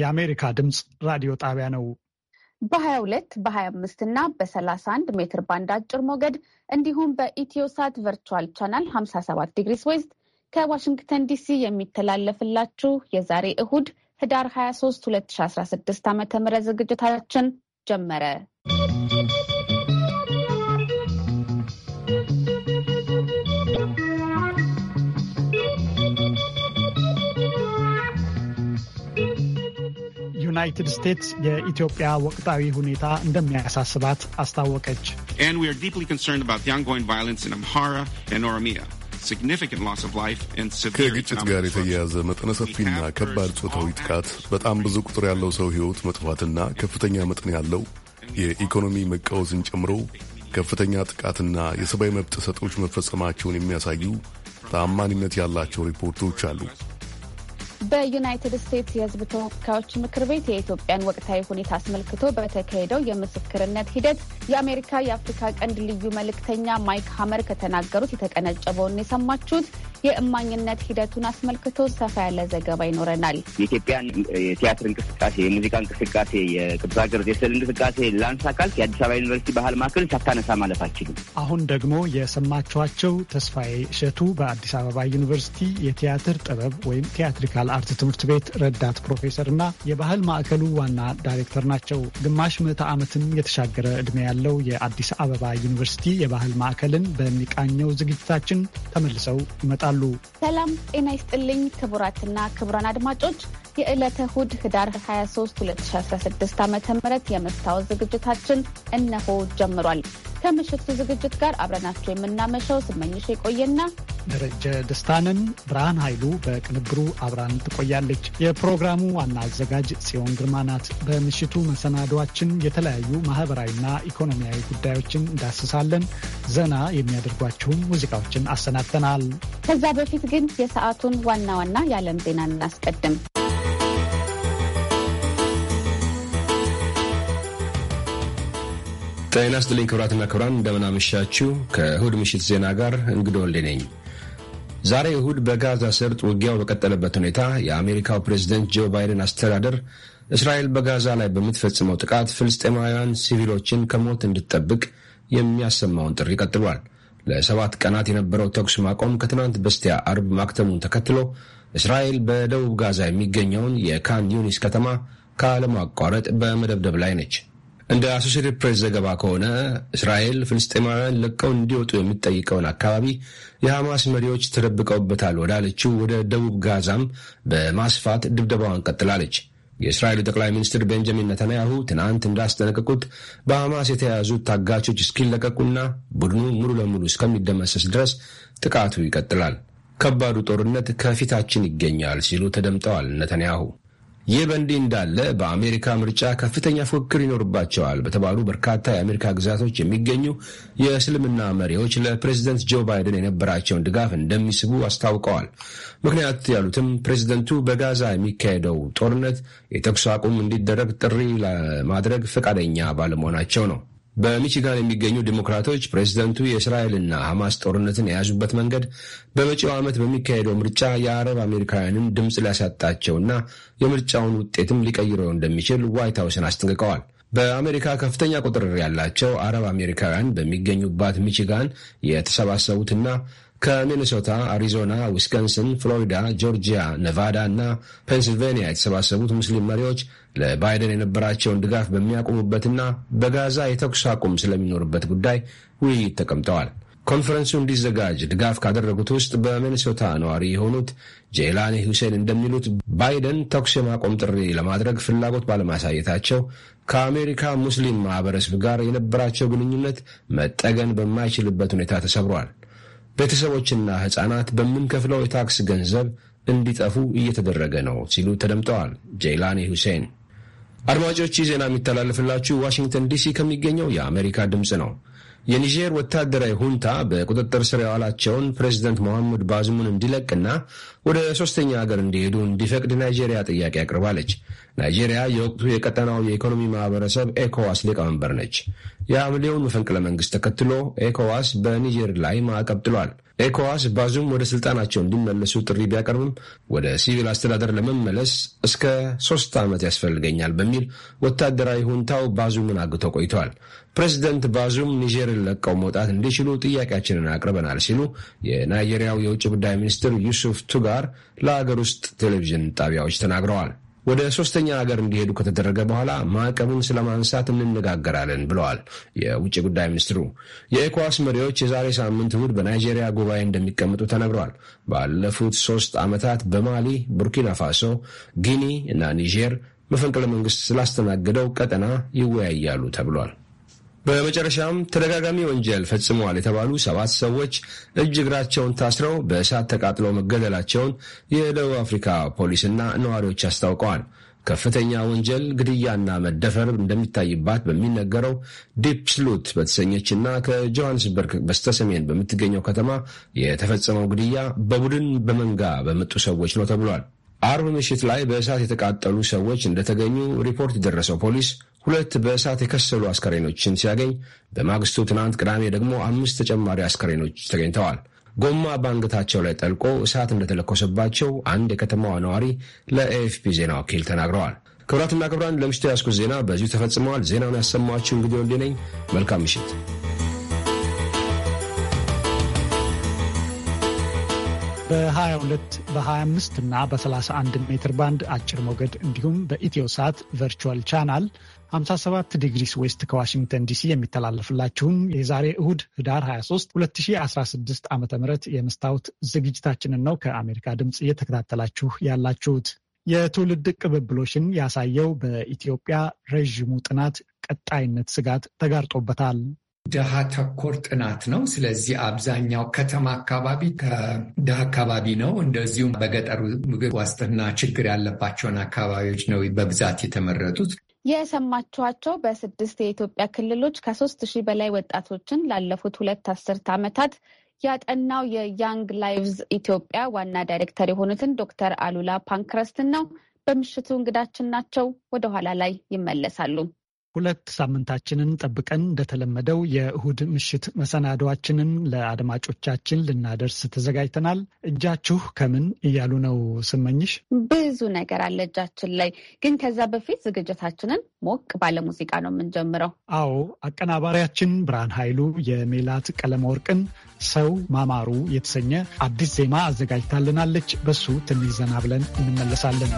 የአሜሪካ ድምፅ ራዲዮ ጣቢያ ነው። በ22 በ25 እና በ31 ሜትር ባንድ አጭር ሞገድ እንዲሁም በኢትዮሳት ቨርቹዋል ቻናል 57 ዲግሪስ ዌስት ከዋሽንግተን ዲሲ የሚተላለፍላችሁ የዛሬ እሁድ ህዳር 23 2016 ዓ ም ዝግጅታችን ጀመረ። ዩናይትድ ስቴትስ የኢትዮጵያ ወቅታዊ ሁኔታ እንደሚያሳስባት አስታወቀች። ከግጭት ጋር የተያያዘ መጠነ ሰፊና ከባድ ጾታዊ ጥቃት፣ በጣም ብዙ ቁጥር ያለው ሰው ሕይወት መጥፋትና ከፍተኛ መጠን ያለው የኢኮኖሚ መቃወስን ጨምሮ ከፍተኛ ጥቃትና የሰብአዊ መብት ጥሰቶች መፈጸማቸውን የሚያሳዩ ተአማኒነት ያላቸው ሪፖርቶች አሉ። በዩናይትድ ስቴትስ የሕዝብ ተወካዮች ምክር ቤት የኢትዮጵያን ወቅታዊ ሁኔታ አስመልክቶ በተካሄደው የምስክርነት ሂደት የአሜሪካ የአፍሪካ ቀንድ ልዩ መልእክተኛ ማይክ ሀመር ከተናገሩት የተቀነጨበውን የሰማችሁት። የእማኝነት ሂደቱን አስመልክቶ ሰፋ ያለ ዘገባ ይኖረናል። የኢትዮጵያን የቲያትር እንቅስቃሴ፣ የሙዚቃ እንቅስቃሴ፣ የቅዱስ ሀገር የስዕል እንቅስቃሴ ላንስ አካል የአዲስ አበባ ዩኒቨርሲቲ ባህል ማዕከል ሳታነሳ ማለት አችልም። አሁን ደግሞ የሰማችኋቸው ተስፋዬ እሸቱ በአዲስ አበባ ዩኒቨርሲቲ የቲያትር ጥበብ ወይም ቲያትሪካል አርት ትምህርት ቤት ረዳት ፕሮፌሰር እና የባህል ማዕከሉ ዋና ዳይሬክተር ናቸው። ግማሽ ምዕተ ዓመትን የተሻገረ ዕድሜ ያለው የአዲስ አበባ ዩኒቨርሲቲ የባህል ማዕከልን በሚቃኘው ዝግጅታችን ተመልሰው ይመጣሉ። ያቀርባሉ። ሰላም ጤና ይስጥልኝ ክቡራትና ክቡራን አድማጮች የዕለተ እሁድ ህዳር 23 2016 ዓ ም የመስታወት ዝግጅታችን እነሆ ጀምሯል። ከምሽቱ ዝግጅት ጋር አብረናችሁ የምናመሸው ስመኝሽ የቆየና ደረጀ ደስታንን ብርሃን ኃይሉ በቅንብሩ አብራን ትቆያለች። የፕሮግራሙ ዋና አዘጋጅ ጽዮን ግርማ ናት። በምሽቱ መሰናዷችን የተለያዩ ማህበራዊና ኢኮኖሚያዊ ጉዳዮችን እንዳስሳለን። ዘና የሚያደርጓችሁም ሙዚቃዎችን አሰናድተናል። ከዛ በፊት ግን የሰዓቱን ዋና ዋና የዓለም ዜና እናስቀድም። ጤና ይስጥልኝ ክብራትና ክብራን፣ እንደምናመሻችሁ። ከእሁድ ምሽት ዜና ጋር እንግዶ ወልዴ ነኝ። ዛሬ እሁድ በጋዛ ሰርጥ ውጊያው በቀጠለበት ሁኔታ የአሜሪካው ፕሬዝደንት ጆ ባይደን አስተዳደር እስራኤል በጋዛ ላይ በምትፈጽመው ጥቃት ፍልስጤማውያን ሲቪሎችን ከሞት እንድትጠብቅ የሚያሰማውን ጥሪ ቀጥሏል። ለሰባት ቀናት የነበረው ተኩስ ማቆም ከትናንት በስቲያ አርብ ማክተሙን ተከትሎ እስራኤል በደቡብ ጋዛ የሚገኘውን የካን ዩኒስ ከተማ ካለማቋረጥ በመደብደብ ላይ ነች። እንደ አሶሼትድ ፕሬስ ዘገባ ከሆነ እስራኤል ፍልስጤማውያን ለቀው እንዲወጡ የሚጠይቀውን አካባቢ የሐማስ መሪዎች ተደብቀውበታል ወዳለችው ወደ ደቡብ ጋዛም በማስፋት ድብደባዋን ቀጥላለች። የእስራኤሉ ጠቅላይ ሚኒስትር ቤንጃሚን ነተንያሁ ትናንት እንዳስጠነቀቁት በሐማስ የተያዙት ታጋቾች እስኪለቀቁና ቡድኑ ሙሉ ለሙሉ እስከሚደመሰስ ድረስ ጥቃቱ ይቀጥላል። ከባዱ ጦርነት ከፊታችን ይገኛል ሲሉ ተደምጠዋል ነተንያሁ ይህ በእንዲህ እንዳለ በአሜሪካ ምርጫ ከፍተኛ ፉክክር ይኖርባቸዋል በተባሉ በርካታ የአሜሪካ ግዛቶች የሚገኙ የእስልምና መሪዎች ለፕሬዝደንት ጆ ባይደን የነበራቸውን ድጋፍ እንደሚስቡ አስታውቀዋል። ምክንያት ያሉትም ፕሬዝደንቱ በጋዛ የሚካሄደው ጦርነት የተኩስ አቁም እንዲደረግ ጥሪ ለማድረግ ፈቃደኛ ባለመሆናቸው ነው። በሚችጋን የሚገኙ ዲሞክራቶች ፕሬዚደንቱ የእስራኤልና ሐማስ ጦርነትን የያዙበት መንገድ በመጪው ዓመት በሚካሄደው ምርጫ የአረብ አሜሪካውያንን ድምፅ ሊያሳጣቸውና የምርጫውን ውጤትም ሊቀይረው እንደሚችል ዋይት ሀውስን አስጠንቅቀዋል። በአሜሪካ ከፍተኛ ቁጥር ያላቸው አረብ አሜሪካውያን በሚገኙባት ሚችጋን የተሰባሰቡትና ከሚኒሶታ፣ አሪዞና፣ ዊስኮንስን፣ ፍሎሪዳ፣ ጆርጂያ፣ ነቫዳ እና ፔንስልቬንያ የተሰባሰቡት ሙስሊም መሪዎች ለባይደን የነበራቸውን ድጋፍ በሚያቆሙበትና በጋዛ የተኩስ አቁም ስለሚኖርበት ጉዳይ ውይይት ተቀምጠዋል። ኮንፈረንሱ እንዲዘጋጅ ድጋፍ ካደረጉት ውስጥ በሚኒሶታ ነዋሪ የሆኑት ጄላኒ ሁሴን እንደሚሉት ባይደን ተኩስ የማቆም ጥሪ ለማድረግ ፍላጎት ባለማሳየታቸው ከአሜሪካ ሙስሊም ማህበረሰብ ጋር የነበራቸው ግንኙነት መጠገን በማይችልበት ሁኔታ ተሰብሯል። ቤተሰቦችና ህፃናት በምንከፍለው የታክስ ገንዘብ እንዲጠፉ እየተደረገ ነው ሲሉ ተደምጠዋል። ጀይላኒ ሁሴን። አድማጮች ይህ ዜና የሚተላለፍላችሁ ዋሽንግተን ዲሲ ከሚገኘው የአሜሪካ ድምፅ ነው። የኒጀር ወታደራዊ ሁንታ በቁጥጥር ስር የዋላቸውን ፕሬዚደንት መሐመድ ባዝሙን እንዲለቅና ወደ ሶስተኛ ሀገር እንዲሄዱ እንዲፈቅድ ናይጄሪያ ጥያቄ አቅርባለች። ናይጄሪያ የወቅቱ የቀጠናው የኢኮኖሚ ማህበረሰብ ኤኮዋስ ሊቀመንበር ነች። የሐምሌውን መፈንቅለ መንግስት ተከትሎ ኤኮዋስ በኒጀር ላይ ማዕቀብ ጥሏል። ኤኮዋስ ባዙም ወደ ስልጣናቸው እንዲመለሱ ጥሪ ቢያቀርብም ወደ ሲቪል አስተዳደር ለመመለስ እስከ ሶስት ዓመት ያስፈልገኛል በሚል ወታደራዊ ሁንታው ባዙምን አግቶ ቆይተዋል። ፕሬዚደንት ባዙም ኒጀርን ለቀው መውጣት እንዲችሉ ጥያቄያችንን አቅርበናል ሲሉ የናይጄሪያው የውጭ ጉዳይ ሚኒስትር ዩሱፍ ቱጋ ጋር ለአገር ውስጥ ቴሌቪዥን ጣቢያዎች ተናግረዋል። ወደ ሶስተኛ ሀገር እንዲሄዱ ከተደረገ በኋላ ማዕቀቡን ስለ ማንሳት እንነጋገራለን ብለዋል የውጭ ጉዳይ ሚኒስትሩ። የኤኳስ መሪዎች የዛሬ ሳምንት እሁድ በናይጄሪያ ጉባኤ እንደሚቀመጡ ተነግረዋል። ባለፉት ሶስት ዓመታት በማሊ፣ ቡርኪና ፋሶ፣ ጊኒ እና ኒጀር መፈንቅለ መንግስት ስላስተናገደው ቀጠና ይወያያሉ ተብሏል። በመጨረሻም ተደጋጋሚ ወንጀል ፈጽመዋል የተባሉ ሰባት ሰዎች እጅ እግራቸውን ታስረው በእሳት ተቃጥለው መገደላቸውን የደቡብ አፍሪካ ፖሊስና ነዋሪዎች አስታውቀዋል። ከፍተኛ ወንጀል ግድያና መደፈር እንደሚታይባት በሚነገረው በተሰኘች እና ከጆሃንስበርግ በስተሰሜን በምትገኘው ከተማ የተፈጸመው ግድያ በቡድን በመንጋ በመጡ ሰዎች ነው ተብሏል። አርብ ምሽት ላይ በእሳት የተቃጠሉ ሰዎች እንደተገኙ ሪፖርት የደረሰው ፖሊስ ሁለት በእሳት የከሰሉ አስከሬኖችን ሲያገኝ በማግስቱ ትናንት ቅዳሜ ደግሞ አምስት ተጨማሪ አስከሬኖች ተገኝተዋል። ጎማ በአንገታቸው ላይ ጠልቆ እሳት እንደተለኮሰባቸው አንድ የከተማዋ ነዋሪ ለኤኤፍፒ ዜና ወኪል ተናግረዋል። ክብራትና ክብራን ለምሽቱ ያስኩት ዜና በዚሁ ተፈጽመዋል። ዜናውን ያሰማችሁ እንግዲህ ወልዴ ነኝ። መልካም ምሽት። በ22 በ25 እና በ31 ሜትር ባንድ አጭር ሞገድ እንዲሁም በኢትዮ ሳት ቨርቹዋል ቻናል 57 ዲግሪስ ዌስት ከዋሽንግተን ዲሲ የሚተላለፍላችሁን የዛሬ እሁድ ህዳር 23 2016 ዓ ም የመስታወት ዝግጅታችንን ነው ከአሜሪካ ድምፅ እየተከታተላችሁ ያላችሁት። የትውልድ ቅብብሎሽን ያሳየው በኢትዮጵያ ረዥሙ ጥናት ቀጣይነት ስጋት ተጋርጦበታል። ድሃ ተኮር ጥናት ነው። ስለዚህ አብዛኛው ከተማ አካባቢ ከድሃ አካባቢ ነው። እንደዚሁም በገጠሩ ምግብ ዋስትና ችግር ያለባቸውን አካባቢዎች ነው በብዛት የተመረጡት። የሰማችኋቸው በስድስት የኢትዮጵያ ክልሎች ከሶስት ሺህ በላይ ወጣቶችን ላለፉት ሁለት አስርት ዓመታት ያጠናው የያንግ ላይቭዝ ኢትዮጵያ ዋና ዳይሬክተር የሆኑትን ዶክተር አሉላ ፓንክረስትን ነው። በምሽቱ እንግዳችን ናቸው። ወደኋላ ላይ ይመለሳሉ። ሁለት ሳምንታችንን ጠብቀን እንደተለመደው የእሁድ ምሽት መሰናዶችንን ለአድማጮቻችን ልናደርስ ተዘጋጅተናል። እጃችሁ ከምን እያሉ ነው? ስመኝሽ ብዙ ነገር አለ እጃችን ላይ። ግን ከዛ በፊት ዝግጅታችንን ሞቅ ባለ ሙዚቃ ነው የምንጀምረው። አዎ፣ አቀናባሪያችን ብርሃን ኃይሉ የሜላት ቀለመወርቅን ሰው ማማሩ የተሰኘ አዲስ ዜማ አዘጋጅታልናለች። በሱ ትንሽ ዘና ብለን እንመለሳለን።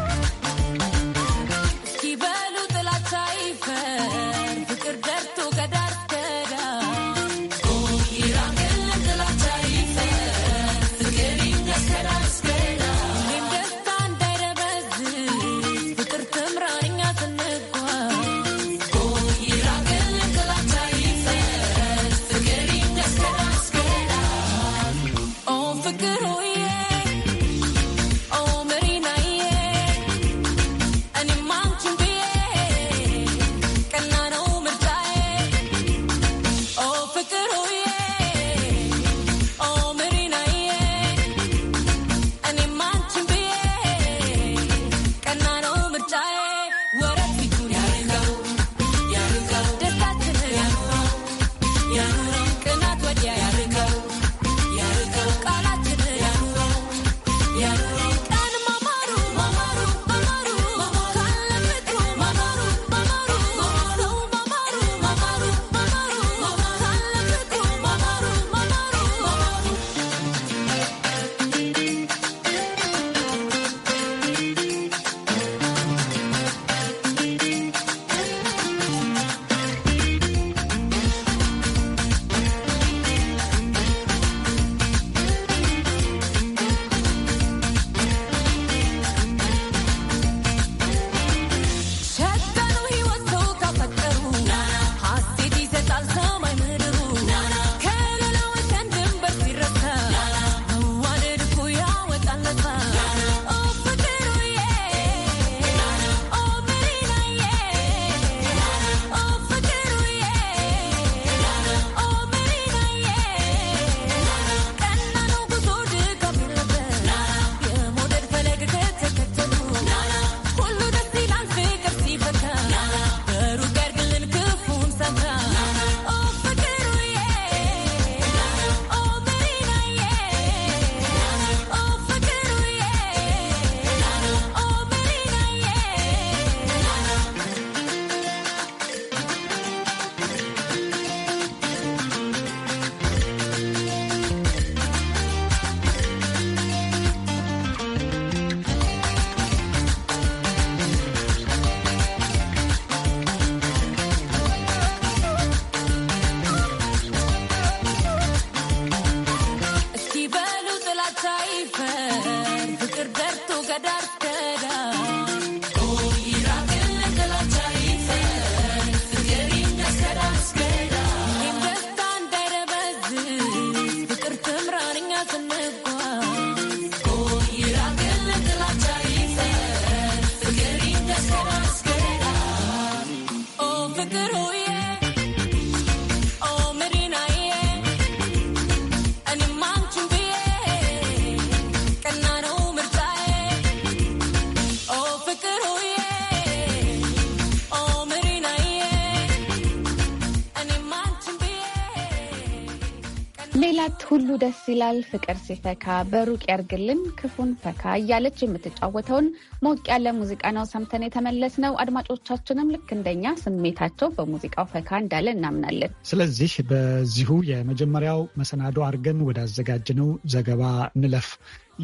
ሜላት ሁሉ ደስ ይላል ፍቅር ሲፈካ በሩቅ ያርግልን ክፉን ፈካ እያለች የምትጫወተውን ሞቅ ያለ ሙዚቃ ነው ሰምተን የተመለስ ነው። አድማጮቻችንም ልክ እንደኛ ስሜታቸው በሙዚቃው ፈካ እንዳለ እናምናለን። ስለዚህ በዚሁ የመጀመሪያው መሰናዶ አድርገን ወዳዘጋጅነው ዘገባ እንለፍ።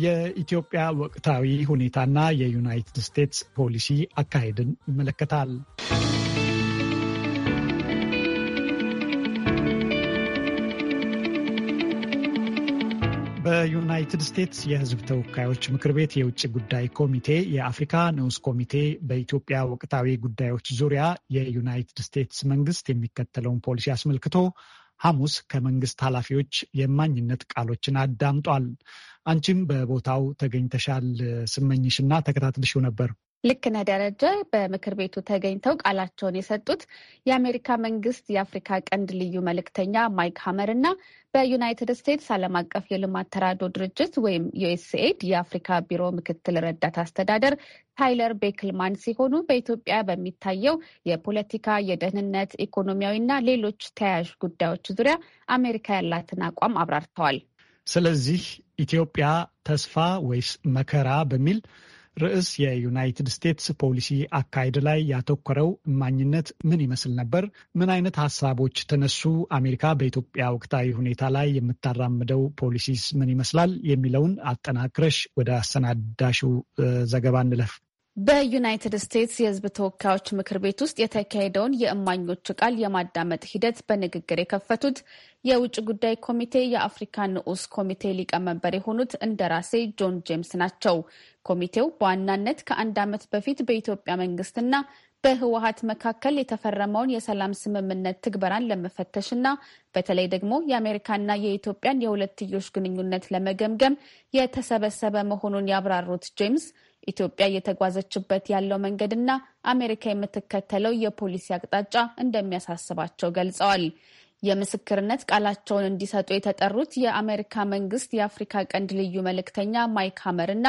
የኢትዮጵያ ወቅታዊ ሁኔታና የዩናይትድ ስቴትስ ፖሊሲ አካሄድን ይመለከታል። በዩናይትድ ስቴትስ የሕዝብ ተወካዮች ምክር ቤት የውጭ ጉዳይ ኮሚቴ የአፍሪካ ንዑስ ኮሚቴ በኢትዮጵያ ወቅታዊ ጉዳዮች ዙሪያ የዩናይትድ ስቴትስ መንግስት የሚከተለውን ፖሊሲ አስመልክቶ ሐሙስ ከመንግስት ኃላፊዎች የማኝነት ቃሎችን አዳምጧል። አንቺም በቦታው ተገኝተሻል ስመኝሽና ተከታትልሽው ነበር። ልክ ነህ ደረጀ። በምክር ቤቱ ተገኝተው ቃላቸውን የሰጡት የአሜሪካ መንግስት የአፍሪካ ቀንድ ልዩ መልእክተኛ ማይክ ሀመር እና በዩናይትድ ስቴትስ ዓለም አቀፍ የልማት ተራድኦ ድርጅት ወይም ዩኤስኤድ የአፍሪካ ቢሮ ምክትል ረዳት አስተዳደር ታይለር ቤክልማን ሲሆኑ በኢትዮጵያ በሚታየው የፖለቲካ፣ የደህንነት፣ ኢኮኖሚያዊና ሌሎች ተያያዥ ጉዳዮች ዙሪያ አሜሪካ ያላትን አቋም አብራርተዋል። ስለዚህ ኢትዮጵያ ተስፋ ወይስ መከራ በሚል ርዕስ የዩናይትድ ስቴትስ ፖሊሲ አካሄድ ላይ ያተኮረው እማኝነት ምን ይመስል ነበር? ምን አይነት ሀሳቦች ተነሱ? አሜሪካ በኢትዮጵያ ወቅታዊ ሁኔታ ላይ የምታራምደው ፖሊሲስ ምን ይመስላል? የሚለውን አጠናክረሽ ወደ አሰናዳሹ ዘገባ እንለፍ። በዩናይትድ ስቴትስ የሕዝብ ተወካዮች ምክር ቤት ውስጥ የተካሄደውን የእማኞች ቃል የማዳመጥ ሂደት በንግግር የከፈቱት የውጭ ጉዳይ ኮሚቴ የአፍሪካ ንዑስ ኮሚቴ ሊቀመንበር የሆኑት እንደራሴ ጆን ጄምስ ናቸው። ኮሚቴው በዋናነት ከአንድ ዓመት በፊት በኢትዮጵያ መንግስትና በህወሀት መካከል የተፈረመውን የሰላም ስምምነት ትግበራን ለመፈተሽ እና በተለይ ደግሞ የአሜሪካና የኢትዮጵያን የሁለትዮሽ ግንኙነት ለመገምገም የተሰበሰበ መሆኑን ያብራሩት ጄምስ ኢትዮጵያ እየተጓዘችበት ያለው መንገድና አሜሪካ የምትከተለው የፖሊሲ አቅጣጫ እንደሚያሳስባቸው ገልጸዋል። የምስክርነት ቃላቸውን እንዲሰጡ የተጠሩት የአሜሪካ መንግስት የአፍሪካ ቀንድ ልዩ መልእክተኛ ማይክ ሀመር እና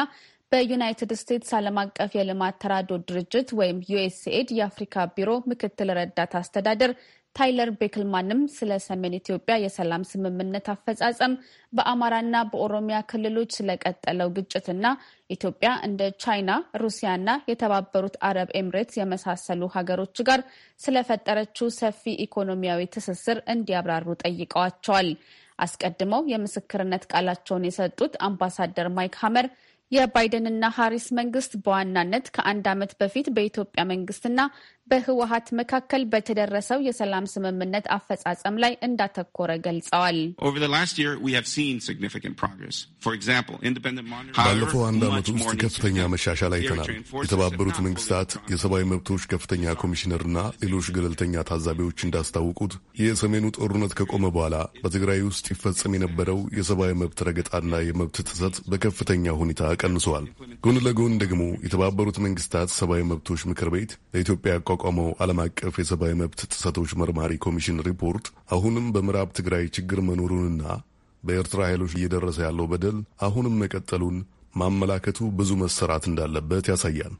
በዩናይትድ ስቴትስ ዓለም አቀፍ የልማት ተራድኦ ድርጅት ወይም ዩኤስኤድ የአፍሪካ ቢሮ ምክትል ረዳት አስተዳደር ታይለር ቤክልማንም ስለ ሰሜን ኢትዮጵያ የሰላም ስምምነት አፈጻጸም፣ በአማራና በኦሮሚያ ክልሎች ስለቀጠለው ግጭትና ኢትዮጵያ እንደ ቻይና፣ ሩሲያና የተባበሩት አረብ ኤምሬትስ የመሳሰሉ ሀገሮች ጋር ስለፈጠረችው ሰፊ ኢኮኖሚያዊ ትስስር እንዲያብራሩ ጠይቀዋቸዋል። አስቀድመው የምስክርነት ቃላቸውን የሰጡት አምባሳደር ማይክ ሀመር የባይደንና ሀሪስ መንግስት በዋናነት ከአንድ ዓመት በፊት በኢትዮጵያ መንግስትና በህወሀት መካከል በተደረሰው የሰላም ስምምነት አፈጻጸም ላይ እንዳተኮረ ገልጸዋል። ባለፈው አንድ ዓመት ውስጥ ከፍተኛ መሻሻል አይተናል። የተባበሩት መንግስታት የሰብአዊ መብቶች ከፍተኛ ኮሚሽነርና ሌሎች ገለልተኛ ታዛቢዎች እንዳስታውቁት የሰሜኑ ጦርነት ከቆመ በኋላ በትግራይ ውስጥ ይፈጸም የነበረው የሰብአዊ መብት ረገጣና የመብት ጥሰት በከፍተኛ ሁኔታ ቀንሰዋል። ጎን ለጎን ደግሞ የተባበሩት መንግስታት ሰብአዊ መብቶች ምክር ቤት ለኢትዮጵያ የተቋቋመው ዓለም አቀፍ የሰብአዊ መብት ጥሰቶች መርማሪ ኮሚሽን ሪፖርት አሁንም በምዕራብ ትግራይ ችግር መኖሩንና በኤርትራ ኃይሎች እየደረሰ ያለው በደል አሁንም መቀጠሉን ማመላከቱ ብዙ መሰራት እንዳለበት ያሳያል።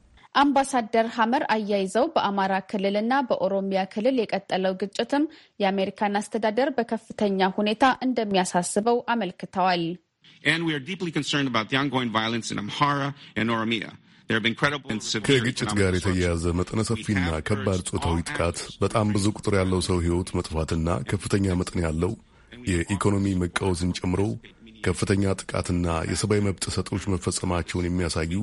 አምባሳደር ሀመር አያይዘው በአማራ ክልልና በኦሮሚያ ክልል የቀጠለው ግጭትም የአሜሪካን አስተዳደር በከፍተኛ ሁኔታ እንደሚያሳስበው አመልክተዋል። And we are deeply concerned about the ongoing violence in Amhara and Oromia. ከግጭት ጋር የተያያዘ መጠነ ሰፊና ከባድ ጾታዊ ጥቃት፣ በጣም ብዙ ቁጥር ያለው ሰው ሕይወት መጥፋትና ከፍተኛ መጠን ያለው የኢኮኖሚ መቃወስን ጨምሮ ከፍተኛ ጥቃትና የሰብአዊ መብት ጥሰቶች መፈጸማቸውን የሚያሳዩ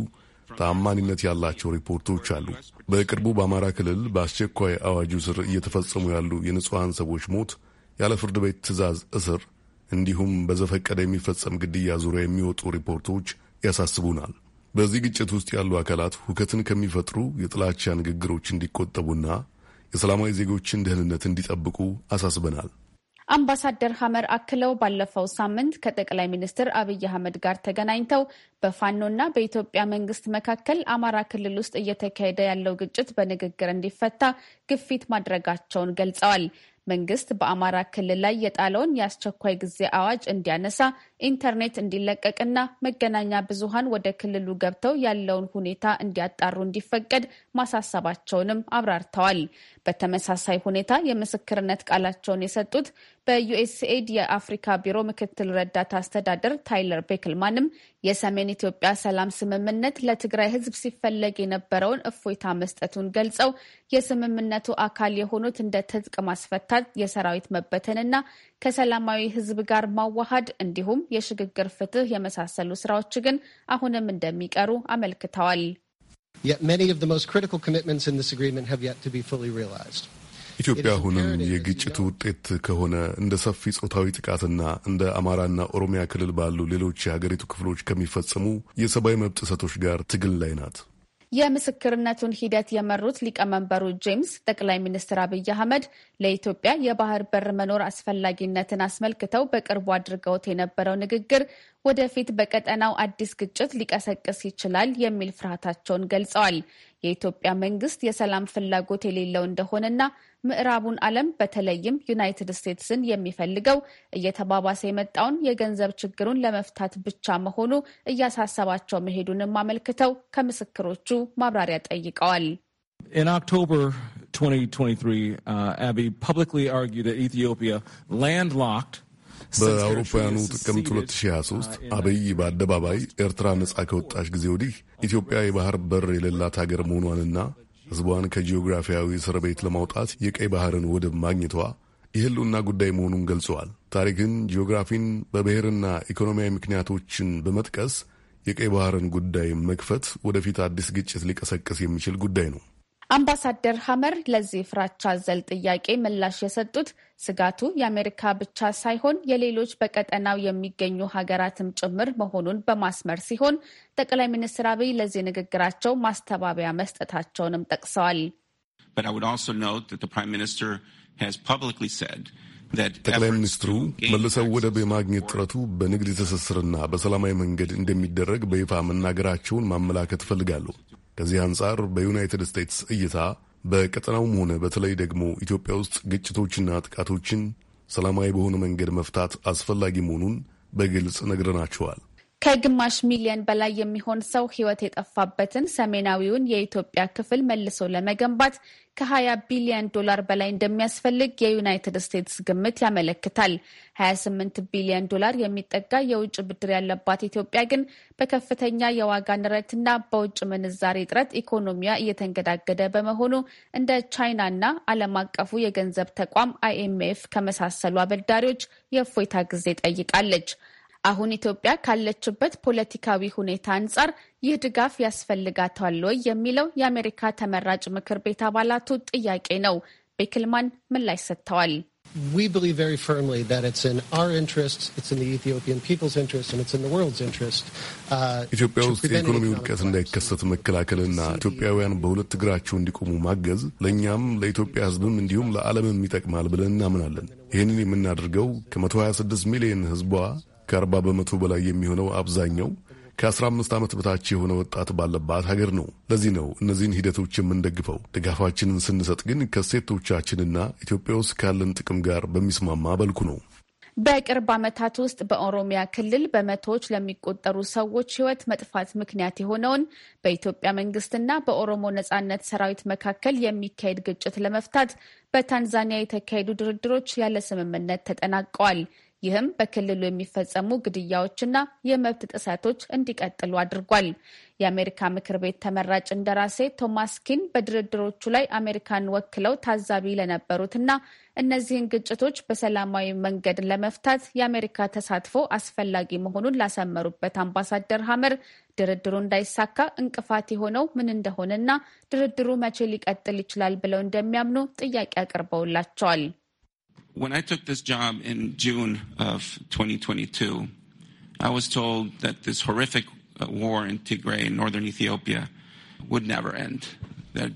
ተአማኒነት ያላቸው ሪፖርቶች አሉ። በቅርቡ በአማራ ክልል በአስቸኳይ አዋጁ ስር እየተፈጸሙ ያሉ የንጹሐን ሰዎች ሞት፣ ያለ ፍርድ ቤት ትእዛዝ እስር፣ እንዲሁም በዘፈቀደ የሚፈጸም ግድያ ዙሪያ የሚወጡ ሪፖርቶች ያሳስቡናል። በዚህ ግጭት ውስጥ ያሉ አካላት ሁከትን ከሚፈጥሩ የጥላቻ ንግግሮች እንዲቆጠቡና የሰላማዊ ዜጎችን ደህንነት እንዲጠብቁ አሳስበናል። አምባሳደር ሀመር አክለው ባለፈው ሳምንት ከጠቅላይ ሚኒስትር አብይ አህመድ ጋር ተገናኝተው በፋኖና በኢትዮጵያ መንግስት መካከል አማራ ክልል ውስጥ እየተካሄደ ያለው ግጭት በንግግር እንዲፈታ ግፊት ማድረጋቸውን ገልጸዋል። መንግስት በአማራ ክልል ላይ የጣለውን የአስቸኳይ ጊዜ አዋጅ እንዲያነሳ፣ ኢንተርኔት እንዲለቀቅና መገናኛ ብዙሃን ወደ ክልሉ ገብተው ያለውን ሁኔታ እንዲያጣሩ እንዲፈቀድ ማሳሰባቸውንም አብራርተዋል። በተመሳሳይ ሁኔታ የምስክርነት ቃላቸውን የሰጡት በዩኤስኤድ የአፍሪካ ቢሮ ምክትል ረዳት አስተዳደር ታይለር ቤክልማንም የሰሜን ኢትዮጵያ ሰላም ስምምነት ለትግራይ ሕዝብ ሲፈለግ የነበረውን እፎይታ መስጠቱን ገልጸው የስምምነቱ አካል የሆኑት እንደ ትጥቅ ማስፈታት፣ የሰራዊት መበተንና ከሰላማዊ ሕዝብ ጋር ማዋሃድ እንዲሁም የሽግግር ፍትህ የመሳሰሉ ስራዎች ግን አሁንም እንደሚቀሩ አመልክተዋል። ኢትዮጵያ አሁንም የግጭቱ ውጤት ከሆነ እንደ ሰፊ ጾታዊ ጥቃትና እንደ አማራና ኦሮሚያ ክልል ባሉ ሌሎች የሀገሪቱ ክፍሎች ከሚፈጸሙ የሰብአዊ መብት ጥሰቶች ጋር ትግል ላይ ናት። የምስክርነቱን ሂደት የመሩት ሊቀመንበሩ ጄምስ ጠቅላይ ሚኒስትር አብይ አህመድ ለኢትዮጵያ የባህር በር መኖር አስፈላጊነትን አስመልክተው በቅርቡ አድርገውት የነበረው ንግግር ወደፊት በቀጠናው አዲስ ግጭት ሊቀሰቅስ ይችላል የሚል ፍርሃታቸውን ገልጸዋል። የኢትዮጵያ መንግስት የሰላም ፍላጎት የሌለው እንደሆነና ምዕራቡን ዓለም በተለይም ዩናይትድ ስቴትስን የሚፈልገው እየተባባሰ የመጣውን የገንዘብ ችግሩን ለመፍታት ብቻ መሆኑ እያሳሰባቸው መሄዱንም አመልክተው ከምስክሮቹ ማብራሪያ ጠይቀዋል። In October 2023, uh, publicly argued that Ethiopia landlocked በአውሮፓውያኑ ጥቅምት 2023 uh, አብይ በአደባባይ ኤርትራ ነጻ ከወጣች ጊዜ ወዲህ ኢትዮጵያ የባህር በር የሌላት ሀገር መሆኗንና ህዝቧን ከጂኦግራፊያዊ እስር ቤት ለማውጣት የቀይ ባህርን ወደብ ማግኘቷ የህልውና ጉዳይ መሆኑን ገልጸዋል። ታሪክን፣ ጂኦግራፊን በብሔርና ኢኮኖሚያዊ ምክንያቶችን በመጥቀስ የቀይ ባህርን ጉዳይ መክፈት ወደፊት አዲስ ግጭት ሊቀሰቅስ የሚችል ጉዳይ ነው። አምባሳደር ሀመር ለዚህ ፍራቻ ዘል ጥያቄ ምላሽ የሰጡት ስጋቱ የአሜሪካ ብቻ ሳይሆን የሌሎች በቀጠናው የሚገኙ ሀገራትም ጭምር መሆኑን በማስመር ሲሆን ጠቅላይ ሚኒስትር አብይ ለዚህ ንግግራቸው ማስተባበያ መስጠታቸውንም ጠቅሰዋል። ጠቅላይ ሚኒስትሩ መልሰው ወደብ የማግኘት ጥረቱ በንግድ ትስስርና በሰላማዊ መንገድ እንደሚደረግ በይፋ መናገራቸውን ማመላከት እፈልጋለሁ። ከዚህ አንጻር በዩናይትድ ስቴትስ እይታ በቀጠናውም ሆነ በተለይ ደግሞ ኢትዮጵያ ውስጥ ግጭቶችና ጥቃቶችን ሰላማዊ በሆነ መንገድ መፍታት አስፈላጊ መሆኑን በግልጽ ነግረናቸዋል። ከግማሽ ሚሊዮን በላይ የሚሆን ሰው ህይወት የጠፋበትን ሰሜናዊውን የኢትዮጵያ ክፍል መልሶ ለመገንባት ከ20 ቢሊዮን ዶላር በላይ እንደሚያስፈልግ የዩናይትድ ስቴትስ ግምት ያመለክታል። 28 ቢሊዮን ዶላር የሚጠጋ የውጭ ብድር ያለባት ኢትዮጵያ ግን በከፍተኛ የዋጋ ንረትና በውጭ ምንዛሬ እጥረት ኢኮኖሚያ እየተንገዳገደ በመሆኑ እንደ ቻይናና ዓለም አቀፉ የገንዘብ ተቋም አይኤምኤፍ ከመሳሰሉ አበዳሪዎች የእፎይታ ጊዜ ጠይቃለች። አሁን ኢትዮጵያ ካለችበት ፖለቲካዊ ሁኔታ አንጻር ይህ ድጋፍ ያስፈልጋታል ወይ የሚለው የአሜሪካ ተመራጭ ምክር ቤት አባላቱ ጥያቄ ነው። ቤክልማን ምላሽ ሰጥተዋል። uh, ኢትዮጵያ ውስጥ የኢኮኖሚ ውድቀት እንዳይከሰት መከላከልና ኢትዮጵያውያን በሁለት እግራቸው እንዲቆሙ ማገዝ ለእኛም ለኢትዮጵያ ሕዝብም እንዲሁም ለዓለምም ይጠቅማል ብለን እናምናለን። ይህንን የምናደርገው ከ126 ሚሊዮን ሕዝቧ ከ40 በመቶ በላይ የሚሆነው አብዛኛው ከ15 ዓመት በታች የሆነ ወጣት ባለባት ሀገር ነው። ለዚህ ነው እነዚህን ሂደቶች የምንደግፈው። ድጋፋችንን ስንሰጥ ግን ከሴቶቻችንና ኢትዮጵያ ውስጥ ካለን ጥቅም ጋር በሚስማማ መልኩ ነው። በቅርብ ዓመታት ውስጥ በኦሮሚያ ክልል በመቶዎች ለሚቆጠሩ ሰዎች ሕይወት መጥፋት ምክንያት የሆነውን በኢትዮጵያ መንግስትና በኦሮሞ ነጻነት ሰራዊት መካከል የሚካሄድ ግጭት ለመፍታት በታንዛኒያ የተካሄዱ ድርድሮች ያለ ስምምነት ተጠናቀዋል። ይህም በክልሉ የሚፈጸሙ ግድያዎችና የመብት ጥሰቶች እንዲቀጥሉ አድርጓል። የአሜሪካ ምክር ቤት ተመራጭ እንደራሴ ቶማስ ኪን በድርድሮቹ ላይ አሜሪካን ወክለው ታዛቢ ለነበሩትና እነዚህን ግጭቶች በሰላማዊ መንገድ ለመፍታት የአሜሪካ ተሳትፎ አስፈላጊ መሆኑን ላሰመሩበት አምባሳደር ሀመር ድርድሩ እንዳይሳካ እንቅፋት የሆነው ምን እንደሆነና ድርድሩ መቼ ሊቀጥል ይችላል ብለው እንደሚያምኑ ጥያቄ አቅርበውላቸዋል። when I took this job in June of 2022, I was told that this horrific war in Tigray, in northern Ethiopia, would never end.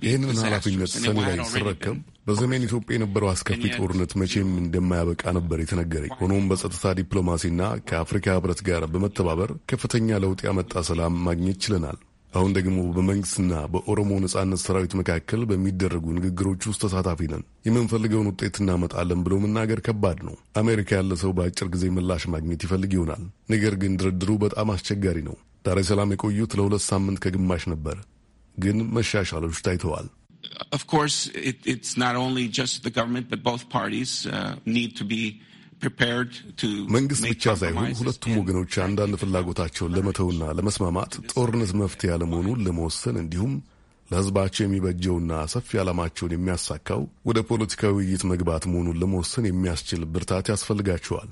ይህንን ኃላፊነት ሰኔ ላይ ስረከም በሰሜን ኢትዮጵያ የነበረው አስከፊ ጦርነት መቼም እንደማያበቃ ነበር የተነገረኝ። ሆኖም በጸጥታ ዲፕሎማሲና ከአፍሪካ ሕብረት ጋር በመተባበር ከፍተኛ ለውጥ ያመጣ ሰላም ማግኘት ችለናል። አሁን ደግሞ በመንግስትና በኦሮሞ ነጻነት ሰራዊት መካከል በሚደረጉ ንግግሮች ውስጥ ተሳታፊ ነን። የምንፈልገውን ውጤት እናመጣለን ብሎ መናገር ከባድ ነው። አሜሪካ ያለ ሰው በአጭር ጊዜ ምላሽ ማግኘት ይፈልግ ይሆናል። ነገር ግን ድርድሩ በጣም አስቸጋሪ ነው። ዳሬ ሰላም የቆዩት ለሁለት ሳምንት ከግማሽ ነበር፣ ግን መሻሻሎች ታይተዋል። ኦፍ ኮርስ ኢትስ ናት ኦንሊ ጀስት ዘ በት ፓርቲስ ኒድ ቱ ቢ መንግስት ብቻ ሳይሆን ሁለቱም ወገኖች አንዳንድ ፍላጎታቸውን ለመተውና ለመስማማት ጦርነት መፍትሄ ያለመሆኑን ለመወሰን እንዲሁም ለህዝባቸው የሚበጀውና ሰፊ ዓላማቸውን የሚያሳካው ወደ ፖለቲካዊ ውይይት መግባት መሆኑን ለመወሰን የሚያስችል ብርታት ያስፈልጋቸዋል።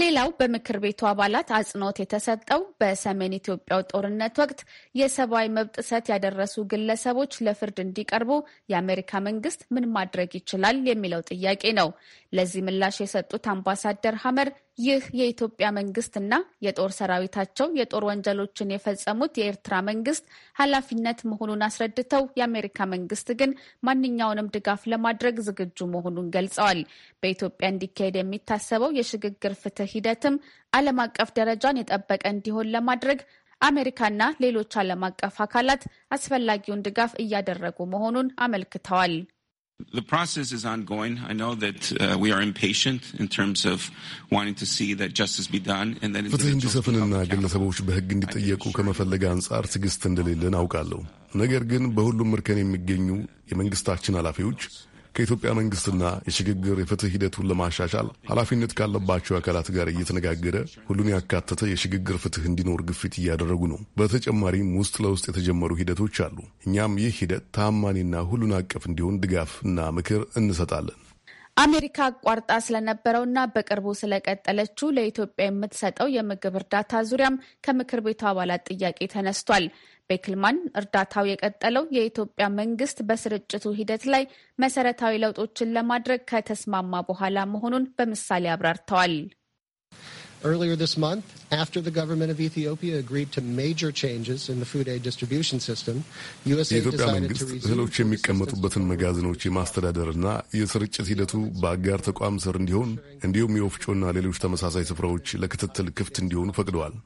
ሌላው በምክር ቤቱ አባላት አጽንኦት የተሰጠው በሰሜን ኢትዮጵያው ጦርነት ወቅት የሰብአዊ መብት ጥሰት ያደረሱ ግለሰቦች ለፍርድ እንዲቀርቡ የአሜሪካ መንግስት ምን ማድረግ ይችላል የሚለው ጥያቄ ነው። ለዚህ ምላሽ የሰጡት አምባሳደር ሀመር ይህ የኢትዮጵያ መንግስትና የጦር ሰራዊታቸው የጦር ወንጀሎችን የፈጸሙት የኤርትራ መንግስት ኃላፊነት መሆኑን አስረድተው የአሜሪካ መንግስት ግን ማንኛውንም ድጋፍ ለማድረግ ዝግጁ መሆኑን ገልጸዋል። በኢትዮጵያ እንዲካሄድ የሚታሰበው የሽግግር ፍትህ ሂደትም ዓለም አቀፍ ደረጃን የጠበቀ እንዲሆን ለማድረግ አሜሪካና ሌሎች ዓለም አቀፍ አካላት አስፈላጊውን ድጋፍ እያደረጉ መሆኑን አመልክተዋል። The process is ongoing. I know that uh, we are impatient in terms of wanting to see that justice be done and that ፍትህ እንዲሰፍንና ግለሰቦች በሕግ እንዲጠየቁ ከመፈለግ አንጻር ትዕግስት እንደሌለን አውቃለሁ። ነገር ግን በሁሉም እርከን የሚገኙ የመንግስታችን ኃላፊዎች ከኢትዮጵያ መንግስትና የሽግግር የፍትህ ሂደቱን ለማሻሻል ኃላፊነት ካለባቸው አካላት ጋር እየተነጋገረ ሁሉን ያካተተ የሽግግር ፍትህ እንዲኖር ግፊት እያደረጉ ነው። በተጨማሪም ውስጥ ለውስጥ የተጀመሩ ሂደቶች አሉ። እኛም ይህ ሂደት ታማኒና ሁሉን አቀፍ እንዲሆን ድጋፍ እና ምክር እንሰጣለን። አሜሪካ አቋርጣ ስለነበረውና በቅርቡ ስለቀጠለችው ለኢትዮጵያ የምትሰጠው የምግብ እርዳታ ዙሪያም ከምክር ቤቱ አባላት ጥያቄ ተነስቷል። ቤክልማን እርዳታው የቀጠለው የኢትዮጵያ መንግስት በስርጭቱ ሂደት ላይ መሰረታዊ ለውጦችን ለማድረግ ከተስማማ በኋላ መሆኑን በምሳሌ አብራርተዋል። Earlier this month, after the government of Ethiopia agreed to major changes in the food aid distribution system, እህሎች የሚቀመጡበትን መጋዘኖች የማስተዳደርና የስርጭት ሂደቱ በአጋር ተቋም ስር እንዲሆን እንዲሁም የወፍጮና ሌሎች ተመሳሳይ ስፍራዎች ለክትትል ክፍት እንዲሆኑ ፈቅደዋል።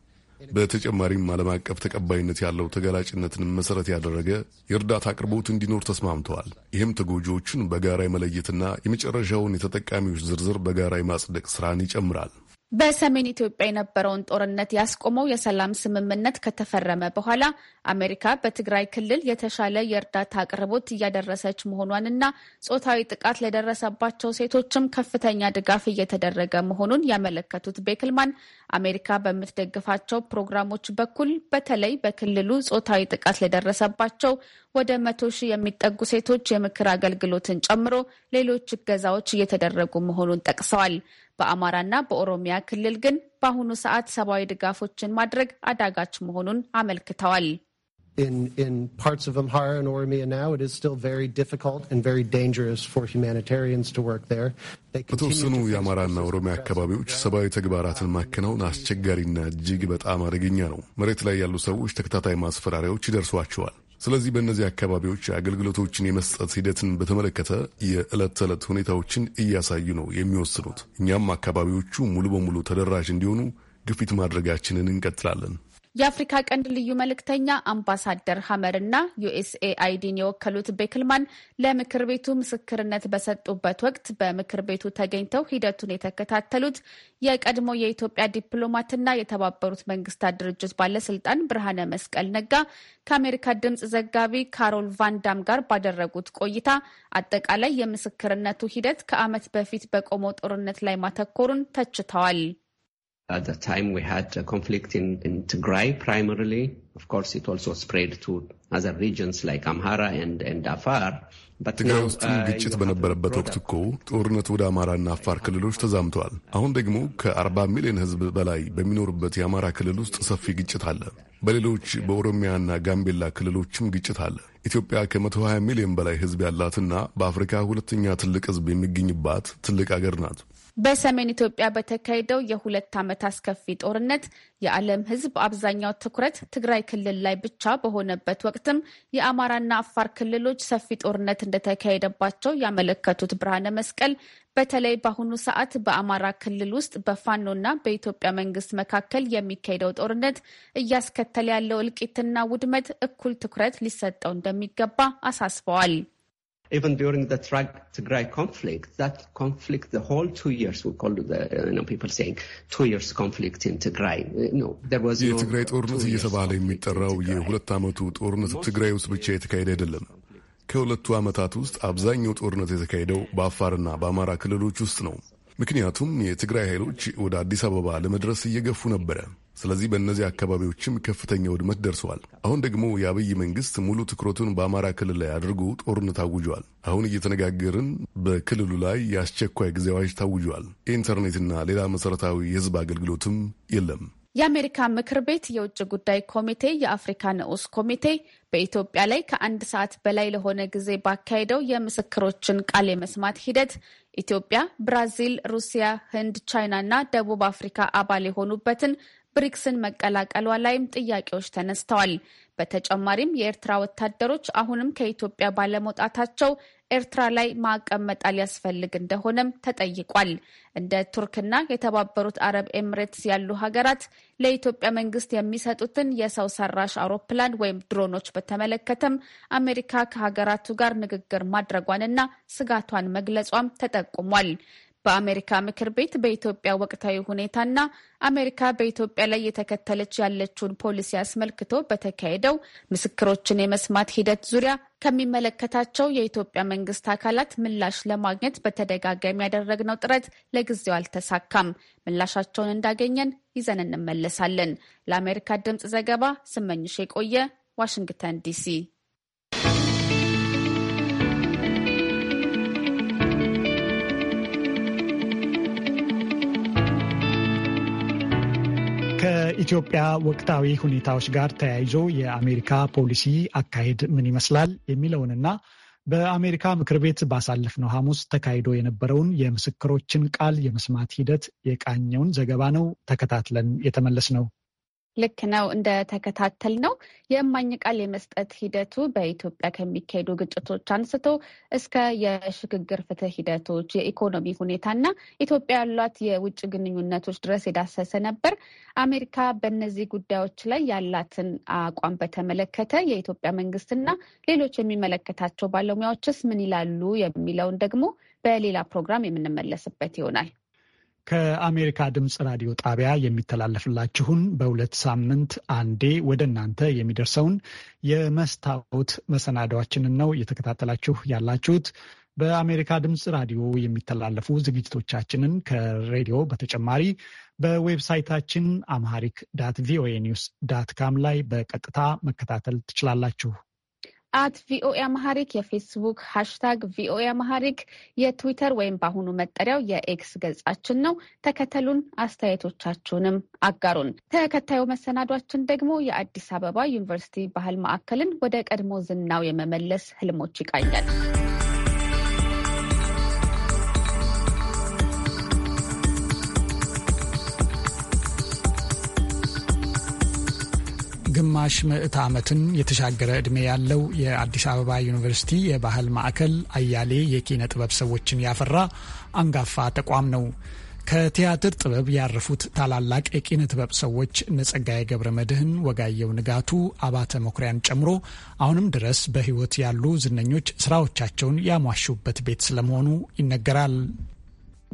በተጨማሪም ዓለም አቀፍ ተቀባይነት ያለው ተጋላጭነትን መሰረት ያደረገ የእርዳታ አቅርቦት እንዲኖር ተስማምተዋል። ይህም ተጎጂዎቹን በጋራ የመለየትና የመጨረሻውን የተጠቃሚዎች ዝርዝር በጋራ የማጽደቅ ስራን ይጨምራል። በሰሜን ኢትዮጵያ የነበረውን ጦርነት ያስቆመው የሰላም ስምምነት ከተፈረመ በኋላ አሜሪካ በትግራይ ክልል የተሻለ የእርዳታ አቅርቦት እያደረሰች መሆኗንና ጾታዊ ጥቃት ለደረሰባቸው ሴቶችም ከፍተኛ ድጋፍ እየተደረገ መሆኑን ያመለከቱት ቤክልማን አሜሪካ በምትደግፋቸው ፕሮግራሞች በኩል በተለይ በክልሉ ጾታዊ ጥቃት ለደረሰባቸው ወደ መቶ ሺህ የሚጠጉ ሴቶች የምክር አገልግሎትን ጨምሮ ሌሎች እገዛዎች እየተደረጉ መሆኑን ጠቅሰዋል። በአማራና በኦሮሚያ ክልል ግን በአሁኑ ሰዓት ሰብአዊ ድጋፎችን ማድረግ አዳጋች መሆኑን አመልክተዋል። In, in parts of Amhara and Oromia now, it is still very difficult and very dangerous for humanitarians to work there. በተወሰኑ የአማራና ኦሮሚያ አካባቢዎች ሰብአዊ ተግባራትን ማከናወን አስቸጋሪና እጅግ በጣም አደገኛ ነው። መሬት ላይ ያሉ ሰዎች ተከታታይ ማስፈራሪያዎች ይደርሷቸዋል። ስለዚህ በእነዚህ አካባቢዎች አገልግሎቶችን የመስጠት ሂደትን በተመለከተ የዕለት ተዕለት ሁኔታዎችን እያሳዩ ነው የሚወስኑት። እኛም አካባቢዎቹ ሙሉ በሙሉ ተደራሽ እንዲሆኑ ግፊት ማድረጋችንን እንቀጥላለን። የአፍሪካ ቀንድ ልዩ መልእክተኛ አምባሳደር ሀመር እና ዩኤስኤ አይዲን የወከሉት ቤክልማን ለምክር ቤቱ ምስክርነት በሰጡበት ወቅት በምክር ቤቱ ተገኝተው ሂደቱን የተከታተሉት የቀድሞ የኢትዮጵያ ዲፕሎማትና የተባበሩት መንግስታት ድርጅት ባለስልጣን ብርሃነ መስቀል ነጋ ከአሜሪካ ድምፅ ዘጋቢ ካሮል ቫንዳም ጋር ባደረጉት ቆይታ አጠቃላይ የምስክርነቱ ሂደት ከዓመት በፊት በቆመው ጦርነት ላይ ማተኮሩን ተችተዋል። At the time, we had a conflict in, in Tigray primarily. Of course, it also spread to other regions like Amhara and, and Afar. ትግራይ ውስጥም uh, ግጭት በነበረበት ወቅት እኮ ጦርነት ወደ አማራና አፋር ክልሎች ተዛምተዋል። አሁን ደግሞ ከ40 ሚሊዮን ሕዝብ በላይ በሚኖርበት የአማራ ክልል ውስጥ ሰፊ ግጭት አለ። በሌሎች በኦሮሚያና ጋምቤላ ክልሎችም ግጭት አለ። ኢትዮጵያ ከ120 ሚሊዮን በላይ ሕዝብ ያላትና በአፍሪካ ሁለተኛ ትልቅ ሕዝብ የሚገኝባት ትልቅ አገር ናት። በሰሜን ኢትዮጵያ በተካሄደው የሁለት ዓመት አስከፊ ጦርነት የዓለም ሕዝብ አብዛኛው ትኩረት ትግራይ ክልል ላይ ብቻ በሆነበት ወቅትም የአማራና አፋር ክልሎች ሰፊ ጦርነት እንደተካሄደባቸው ያመለከቱት ብርሃነ መስቀል በተለይ በአሁኑ ሰዓት በአማራ ክልል ውስጥ በፋኖና በኢትዮጵያ መንግስት መካከል የሚካሄደው ጦርነት እያስከተለ ያለው እልቂትና ውድመት እኩል ትኩረት ሊሰጠው እንደሚገባ አሳስበዋል። Even during the Tigray conflict, that conflict, the whole two years, we call it the, you know, people saying two years conflict in Tigray. No, there was no የትግራይ ጦርነት እየተባለ የሚጠራው የሁለት ዓመቱ ጦርነት ትግራይ ውስጥ ብቻ የተካሄደ አይደለም። ከሁለቱ ዓመታት ውስጥ አብዛኛው ጦርነት የተካሄደው በአፋርና በአማራ ክልሎች ውስጥ ነው። ምክንያቱም የትግራይ ኃይሎች ወደ አዲስ አበባ ለመድረስ እየገፉ ነበረ። ስለዚህ በእነዚህ አካባቢዎችም ከፍተኛ ውድመት ደርሰዋል። አሁን ደግሞ የአብይ መንግስት ሙሉ ትኩረቱን በአማራ ክልል ላይ አድርጎ ጦርነት አውጇል። አሁን እየተነጋገርን በክልሉ ላይ የአስቸኳይ ጊዜ አዋጅ ታውጇል። ኢንተርኔትና ሌላ መሰረታዊ የህዝብ አገልግሎትም የለም። የአሜሪካ ምክር ቤት የውጭ ጉዳይ ኮሚቴ የአፍሪካ ንዑስ ኮሚቴ በኢትዮጵያ ላይ ከአንድ ሰዓት በላይ ለሆነ ጊዜ ባካሄደው የምስክሮችን ቃል የመስማት ሂደት ኢትዮጵያ፣ ብራዚል፣ ሩሲያ፣ ህንድ፣ ቻይና እና ደቡብ አፍሪካ አባል የሆኑበትን ብሪክስን መቀላቀሏ ላይም ጥያቄዎች ተነስተዋል። በተጨማሪም የኤርትራ ወታደሮች አሁንም ከኢትዮጵያ ባለመውጣታቸው ኤርትራ ላይ ማዕቀብ መጣል ያስፈልግ እንደሆነም ተጠይቋል። እንደ ቱርክና የተባበሩት አረብ ኤምሬትስ ያሉ ሀገራት ለኢትዮጵያ መንግስት የሚሰጡትን የሰው ሰራሽ አውሮፕላን ወይም ድሮኖች በተመለከተም አሜሪካ ከሀገራቱ ጋር ንግግር ማድረጓንና ስጋቷን መግለጿም ተጠቁሟል። በአሜሪካ ምክር ቤት በኢትዮጵያ ወቅታዊ ሁኔታና አሜሪካ በኢትዮጵያ ላይ የተከተለች ያለችውን ፖሊሲ አስመልክቶ በተካሄደው ምስክሮችን የመስማት ሂደት ዙሪያ ከሚመለከታቸው የኢትዮጵያ መንግስት አካላት ምላሽ ለማግኘት በተደጋጋሚ ያደረግነው ጥረት ለጊዜው አልተሳካም። ምላሻቸውን እንዳገኘን ይዘን እንመለሳለን። ለአሜሪካ ድምፅ ዘገባ ስመኝሽ የቆየ ዋሽንግተን ዲሲ ከኢትዮጵያ ወቅታዊ ሁኔታዎች ጋር ተያይዞ የአሜሪካ ፖሊሲ አካሄድ ምን ይመስላል የሚለውንና በአሜሪካ ምክር ቤት ባሳለፍነው ሐሙስ ተካሂዶ የነበረውን የምስክሮችን ቃል የመስማት ሂደት የቃኘውን ዘገባ ነው ተከታትለን የተመለስ ነው። ልክ ነው። እንደተከታተል ነው የእማኝ ቃል የመስጠት ሂደቱ በኢትዮጵያ ከሚካሄዱ ግጭቶች አንስቶ እስከ የሽግግር ፍትህ ሂደቶች፣ የኢኮኖሚ ሁኔታና ኢትዮጵያ ያሏት የውጭ ግንኙነቶች ድረስ የዳሰሰ ነበር። አሜሪካ በእነዚህ ጉዳዮች ላይ ያላትን አቋም በተመለከተ የኢትዮጵያ መንግስትና ሌሎች የሚመለከታቸው ባለሙያዎችስ ምን ይላሉ የሚለውን ደግሞ በሌላ ፕሮግራም የምንመለስበት ይሆናል። ከአሜሪካ ድምፅ ራዲዮ ጣቢያ የሚተላለፍላችሁን በሁለት ሳምንት አንዴ ወደ እናንተ የሚደርሰውን የመስታወት መሰናዷችንን ነው እየተከታተላችሁ ያላችሁት። በአሜሪካ ድምፅ ራዲዮ የሚተላለፉ ዝግጅቶቻችንን ከሬዲዮ በተጨማሪ በዌብሳይታችን አምሃሪክ ዳት ቪኦኤ ኒውስ ዳት ካም ላይ በቀጥታ መከታተል ትችላላችሁ። አት ቪኦኤ አማሐሪክ የፌስቡክ ሃሽታግ ቪኦኤ አማሐሪክ የትዊተር ወይም በአሁኑ መጠሪያው የኤክስ ገጻችን ነው። ተከተሉን፣ አስተያየቶቻችሁንም አጋሩን። ተከታዩ መሰናዷችን ደግሞ የአዲስ አበባ ዩኒቨርሲቲ ባህል ማዕከልን ወደ ቀድሞ ዝናው የመመለስ ህልሞች ይቃኛል። ግማሽ ምዕት ዓመትን የተሻገረ ዕድሜ ያለው የአዲስ አበባ ዩኒቨርሲቲ የባህል ማዕከል አያሌ የኪነ ጥበብ ሰዎችን ያፈራ አንጋፋ ተቋም ነው። ከቲያትር ጥበብ ያረፉት ታላላቅ የኪነ ጥበብ ሰዎች እነ ገብረ መድህን፣ ወጋየው ንጋቱ፣ አባተ መኩሪያን ጨምሮ አሁንም ድረስ በሕይወት ያሉ ዝነኞች ስራዎቻቸውን ያሟሹበት ቤት ስለመሆኑ ይነገራል።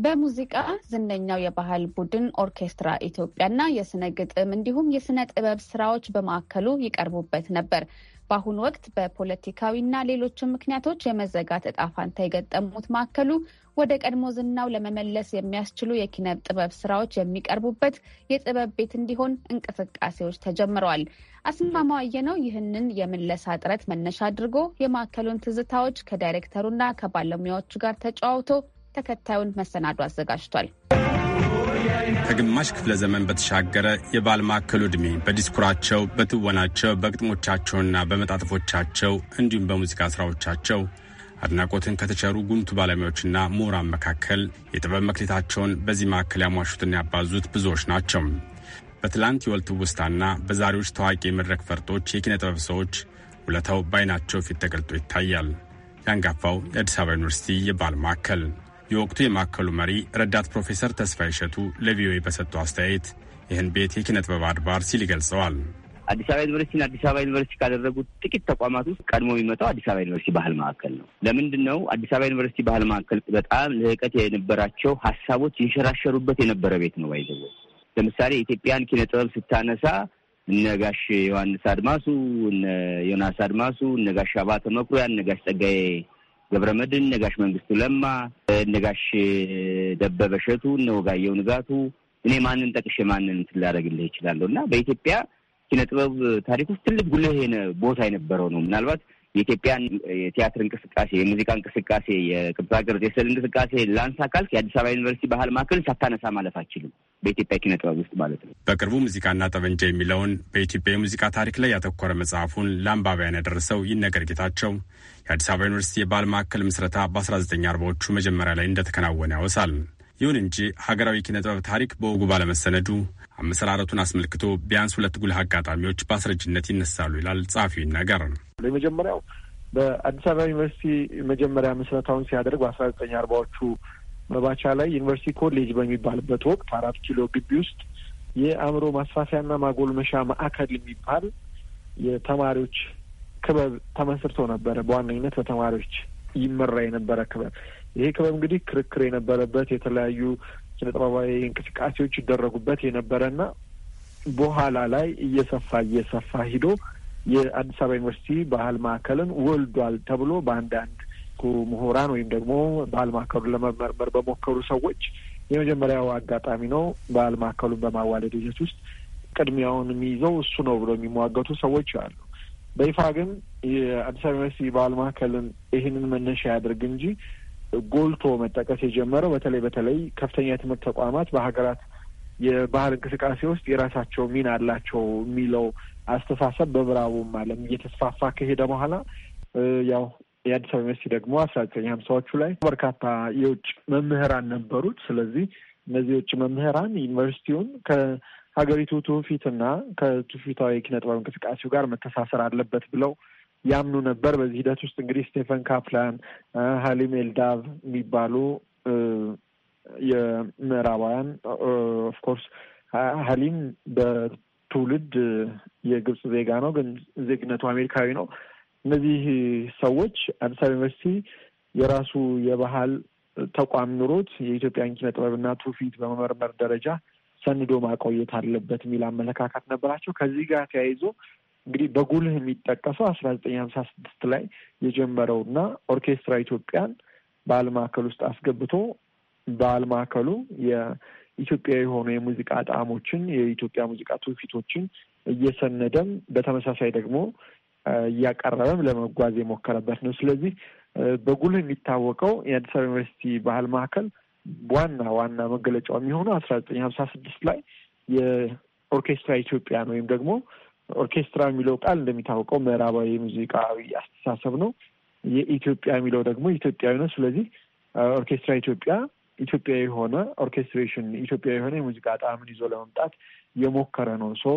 በሙዚቃ ዝነኛው የባህል ቡድን ኦርኬስትራ ኢትዮጵያና የስነ ግጥም እንዲሁም የስነ ጥበብ ስራዎች በማዕከሉ ይቀርቡበት ነበር። በአሁኑ ወቅት በፖለቲካዊና ሌሎችም ምክንያቶች የመዘጋት እጣ የገጠሙት ማዕከሉ ወደ ቀድሞ ዝናው ለመመለስ የሚያስችሉ የኪነ ጥበብ ስራዎች የሚቀርቡበት የጥበብ ቤት እንዲሆን እንቅስቃሴዎች ተጀምረዋል። አስማማው አየነው ይህንን የምለሳ ጥረት መነሻ አድርጎ የማዕከሉን ትዝታዎች ከዳይሬክተሩና ከባለሙያዎቹ ጋር ተጨዋውቶ ተከታዩን መሰናዶ አዘጋጅቷል። ከግማሽ ክፍለ ዘመን በተሻገረ የባል ማዕከሉ ዕድሜ በዲስኩራቸው፣ በትወናቸው፣ በግጥሞቻቸውና በመጣጥፎቻቸው እንዲሁም በሙዚቃ ስራዎቻቸው አድናቆትን ከተቸሩ ጉምቱ ባለሙያዎችና ምሁራን መካከል የጥበብ መክሌታቸውን በዚህ ማዕከል ያሟሹትና ያባዙት ብዙዎች ናቸው። በትላንት የወልት ውስታና በዛሬዎች ታዋቂ የመድረክ ፈርጦች የኪነ ጥበብ ሰዎች ውለታው በአይናቸው ፊት ተገልጦ ይታያል። ያንጋፋው የአዲስ አበባ ዩኒቨርሲቲ የባል ማዕከል የወቅቱ የማዕከሉ መሪ ረዳት ፕሮፌሰር ተስፋ ይሸቱ ለቪኦኤ በሰጡ አስተያየት ይህን ቤት የኪነ ጥበብ አድባር ሲል ይገልጸዋል። አዲስ አበባ ዩኒቨርሲቲን አዲስ አበባ ዩኒቨርሲቲ ካደረጉት ጥቂት ተቋማት ውስጥ ቀድሞ የሚመጣው አዲስ አበባ ዩኒቨርሲቲ ባህል ማዕከል ነው። ለምንድን ነው አዲስ አበባ ዩኒቨርሲቲ ባህል ማዕከል በጣም ልህቀት የነበራቸው ሀሳቦች ይንሸራሸሩበት የነበረ ቤት ነው። ባይዘ ለምሳሌ የኢትዮጵያን ኪነ ጥበብ ስታነሳ እነ ጋሽ ዮሐንስ አድማሱ፣ እነ ዮናስ አድማሱ፣ እነ ጋሽ አባተ መኩሪያ፣ እነ ጋሽ ጸጋዬ ገብረመድህን፣ ነጋሽ መንግስቱ ለማ፣ ነጋሽ ደበበ እሸቱ፣ እነ ወጋየሁ ንጋቱ እኔ ማንን ጠቅሼ ማንን ትላደረግልህ ይችላለሁ እና በኢትዮጵያ ኪነ ጥበብ ታሪክ ውስጥ ትልቅ ጉልህ ቦታ የነበረው ነው። ምናልባት የኢትዮጵያን የቲያትር እንቅስቃሴ፣ የሙዚቃ እንቅስቃሴ፣ የቅርጻ ቅርጽ፣ የስዕል እንቅስቃሴ ላንሳ ካልክ የአዲስ አበባ ዩኒቨርሲቲ ባህል ማዕከልን ሳታነሳ ማለፍ አችልም። በኢትዮጵያ ኪነ ጥበብ ውስጥ ማለት ነው። በቅርቡ ሙዚቃና ጠበንጃ የሚለውን በኢትዮጵያ የሙዚቃ ታሪክ ላይ ያተኮረ መጽሐፉን ለአንባቢያን ያደረሰው ይነገር ጌታቸው የአዲስ አበባ ዩኒቨርሲቲ የባህል ማዕከል ምስረታ በ1940ዎቹ መጀመሪያ ላይ እንደተከናወነ ያወሳል። ይሁን እንጂ ሀገራዊ ኪነጥበብ ታሪክ በወጉ ባለመሰነዱ አመሰራረቱን አስመልክቶ ቢያንስ ሁለት ጉልህ አጋጣሚዎች በአስረጅነት ይነሳሉ ይላል ጸሐፊው ይናገር። የመጀመሪያው በአዲስ አበባ ዩኒቨርሲቲ መጀመሪያ ምስረታውን ሲያደርግ በአስራ ዘጠኝ አርባዎቹ መባቻ ላይ ዩኒቨርሲቲ ኮሌጅ በሚባልበት ወቅት አራት ኪሎ ግቢ ውስጥ የአእምሮ ማስፋፊያና ማጎልመሻ ማዕከል የሚባል የተማሪዎች ክበብ ተመስርቶ ነበረ። በዋነኝነት በተማሪዎች ይመራ የነበረ ክበብ። ይሄ ክበብ እንግዲህ ክርክር የነበረበት የተለያዩ ጥበባዊ እንቅስቃሴዎች ይደረጉበት የነበረና በኋላ ላይ እየሰፋ እየሰፋ ሂዶ የአዲስ አበባ ዩኒቨርሲቲ ባህል ማዕከልን ወልዷል ተብሎ በአንዳንድ ምሁራን ወይም ደግሞ ባህል ማዕከሉን ለመመርመር በሞከሩ ሰዎች የመጀመሪያው አጋጣሚ ነው። ባህል ማዕከሉን በማዋለድ ሂደት ውስጥ ቅድሚያውን የሚይዘው እሱ ነው ብሎ የሚሟገቱ ሰዎች አሉ። በይፋ ግን የአዲስ አበባ ዩኒቨርሲቲ ባህል ማዕከልን ይህንን መነሻ ያደርግ እንጂ ጎልቶ መጠቀስ የጀመረው በተለይ በተለይ ከፍተኛ የትምህርት ተቋማት በሀገራት የባህል እንቅስቃሴ ውስጥ የራሳቸው ሚና አላቸው የሚለው አስተሳሰብ በምዕራቡም ዓለም እየተስፋፋ ከሄደ በኋላ ያው የአዲስ አበባ ዩኒቨርሲቲ ደግሞ አስራ ዘጠኝ ሀምሳዎቹ ላይ በርካታ የውጭ መምህራን ነበሩት። ስለዚህ እነዚህ የውጭ መምህራን ዩኒቨርሲቲውን ሀገሪቱ ትውፊትና ከትውፊታዊ ኪነጥበብ እንቅስቃሴው ጋር መተሳሰር አለበት ብለው ያምኑ ነበር። በዚህ ሂደት ውስጥ እንግዲህ ስቴፈን ካፕላን፣ ሀሊም ኤልዳቭ የሚባሉ የምዕራባውያን ኦፍኮርስ ሀሊም በትውልድ የግብጽ ዜጋ ነው፣ ግን ዜግነቱ አሜሪካዊ ነው። እነዚህ ሰዎች አዲስ አበባ ዩኒቨርሲቲ የራሱ የባህል ተቋም ኑሮት የኢትዮጵያን ኪነ ጥበብና ትውፊት በመመርመር ደረጃ ሰንዶ ማቆየት አለበት የሚል አመለካከት ነበራቸው። ከዚህ ጋር ተያይዞ እንግዲህ በጉልህ የሚጠቀሰው አስራ ዘጠኝ ሀምሳ ስድስት ላይ የጀመረው እና ኦርኬስትራ ኢትዮጵያን ባህል ማዕከል ውስጥ አስገብቶ ባህል ማዕከሉ የኢትዮጵያ የሆኑ የሙዚቃ ጣዕሞችን የኢትዮጵያ ሙዚቃ ትውፊቶችን እየሰነደም በተመሳሳይ ደግሞ እያቀረበም ለመጓዝ የሞከረበት ነው። ስለዚህ በጉልህ የሚታወቀው የአዲስ አበባ ዩኒቨርሲቲ ባህል ማዕከል ዋና ዋና መገለጫው የሚሆነው አስራ ዘጠኝ ሀምሳ ስድስት ላይ የኦርኬስትራ ኢትዮጵያን ወይም ደግሞ ኦርኬስትራ የሚለው ቃል እንደሚታወቀው ምዕራባዊ የሙዚቃዊ አስተሳሰብ ነው። የኢትዮጵያ የሚለው ደግሞ ኢትዮጵያዊ ነው። ስለዚህ ኦርኬስትራ ኢትዮጵያ ኢትዮጵያ የሆነ ኦርኬስትሬሽን ኢትዮጵያ የሆነ የሙዚቃ ጣዕምን ይዞ ለመምጣት የሞከረ ነው። ሶ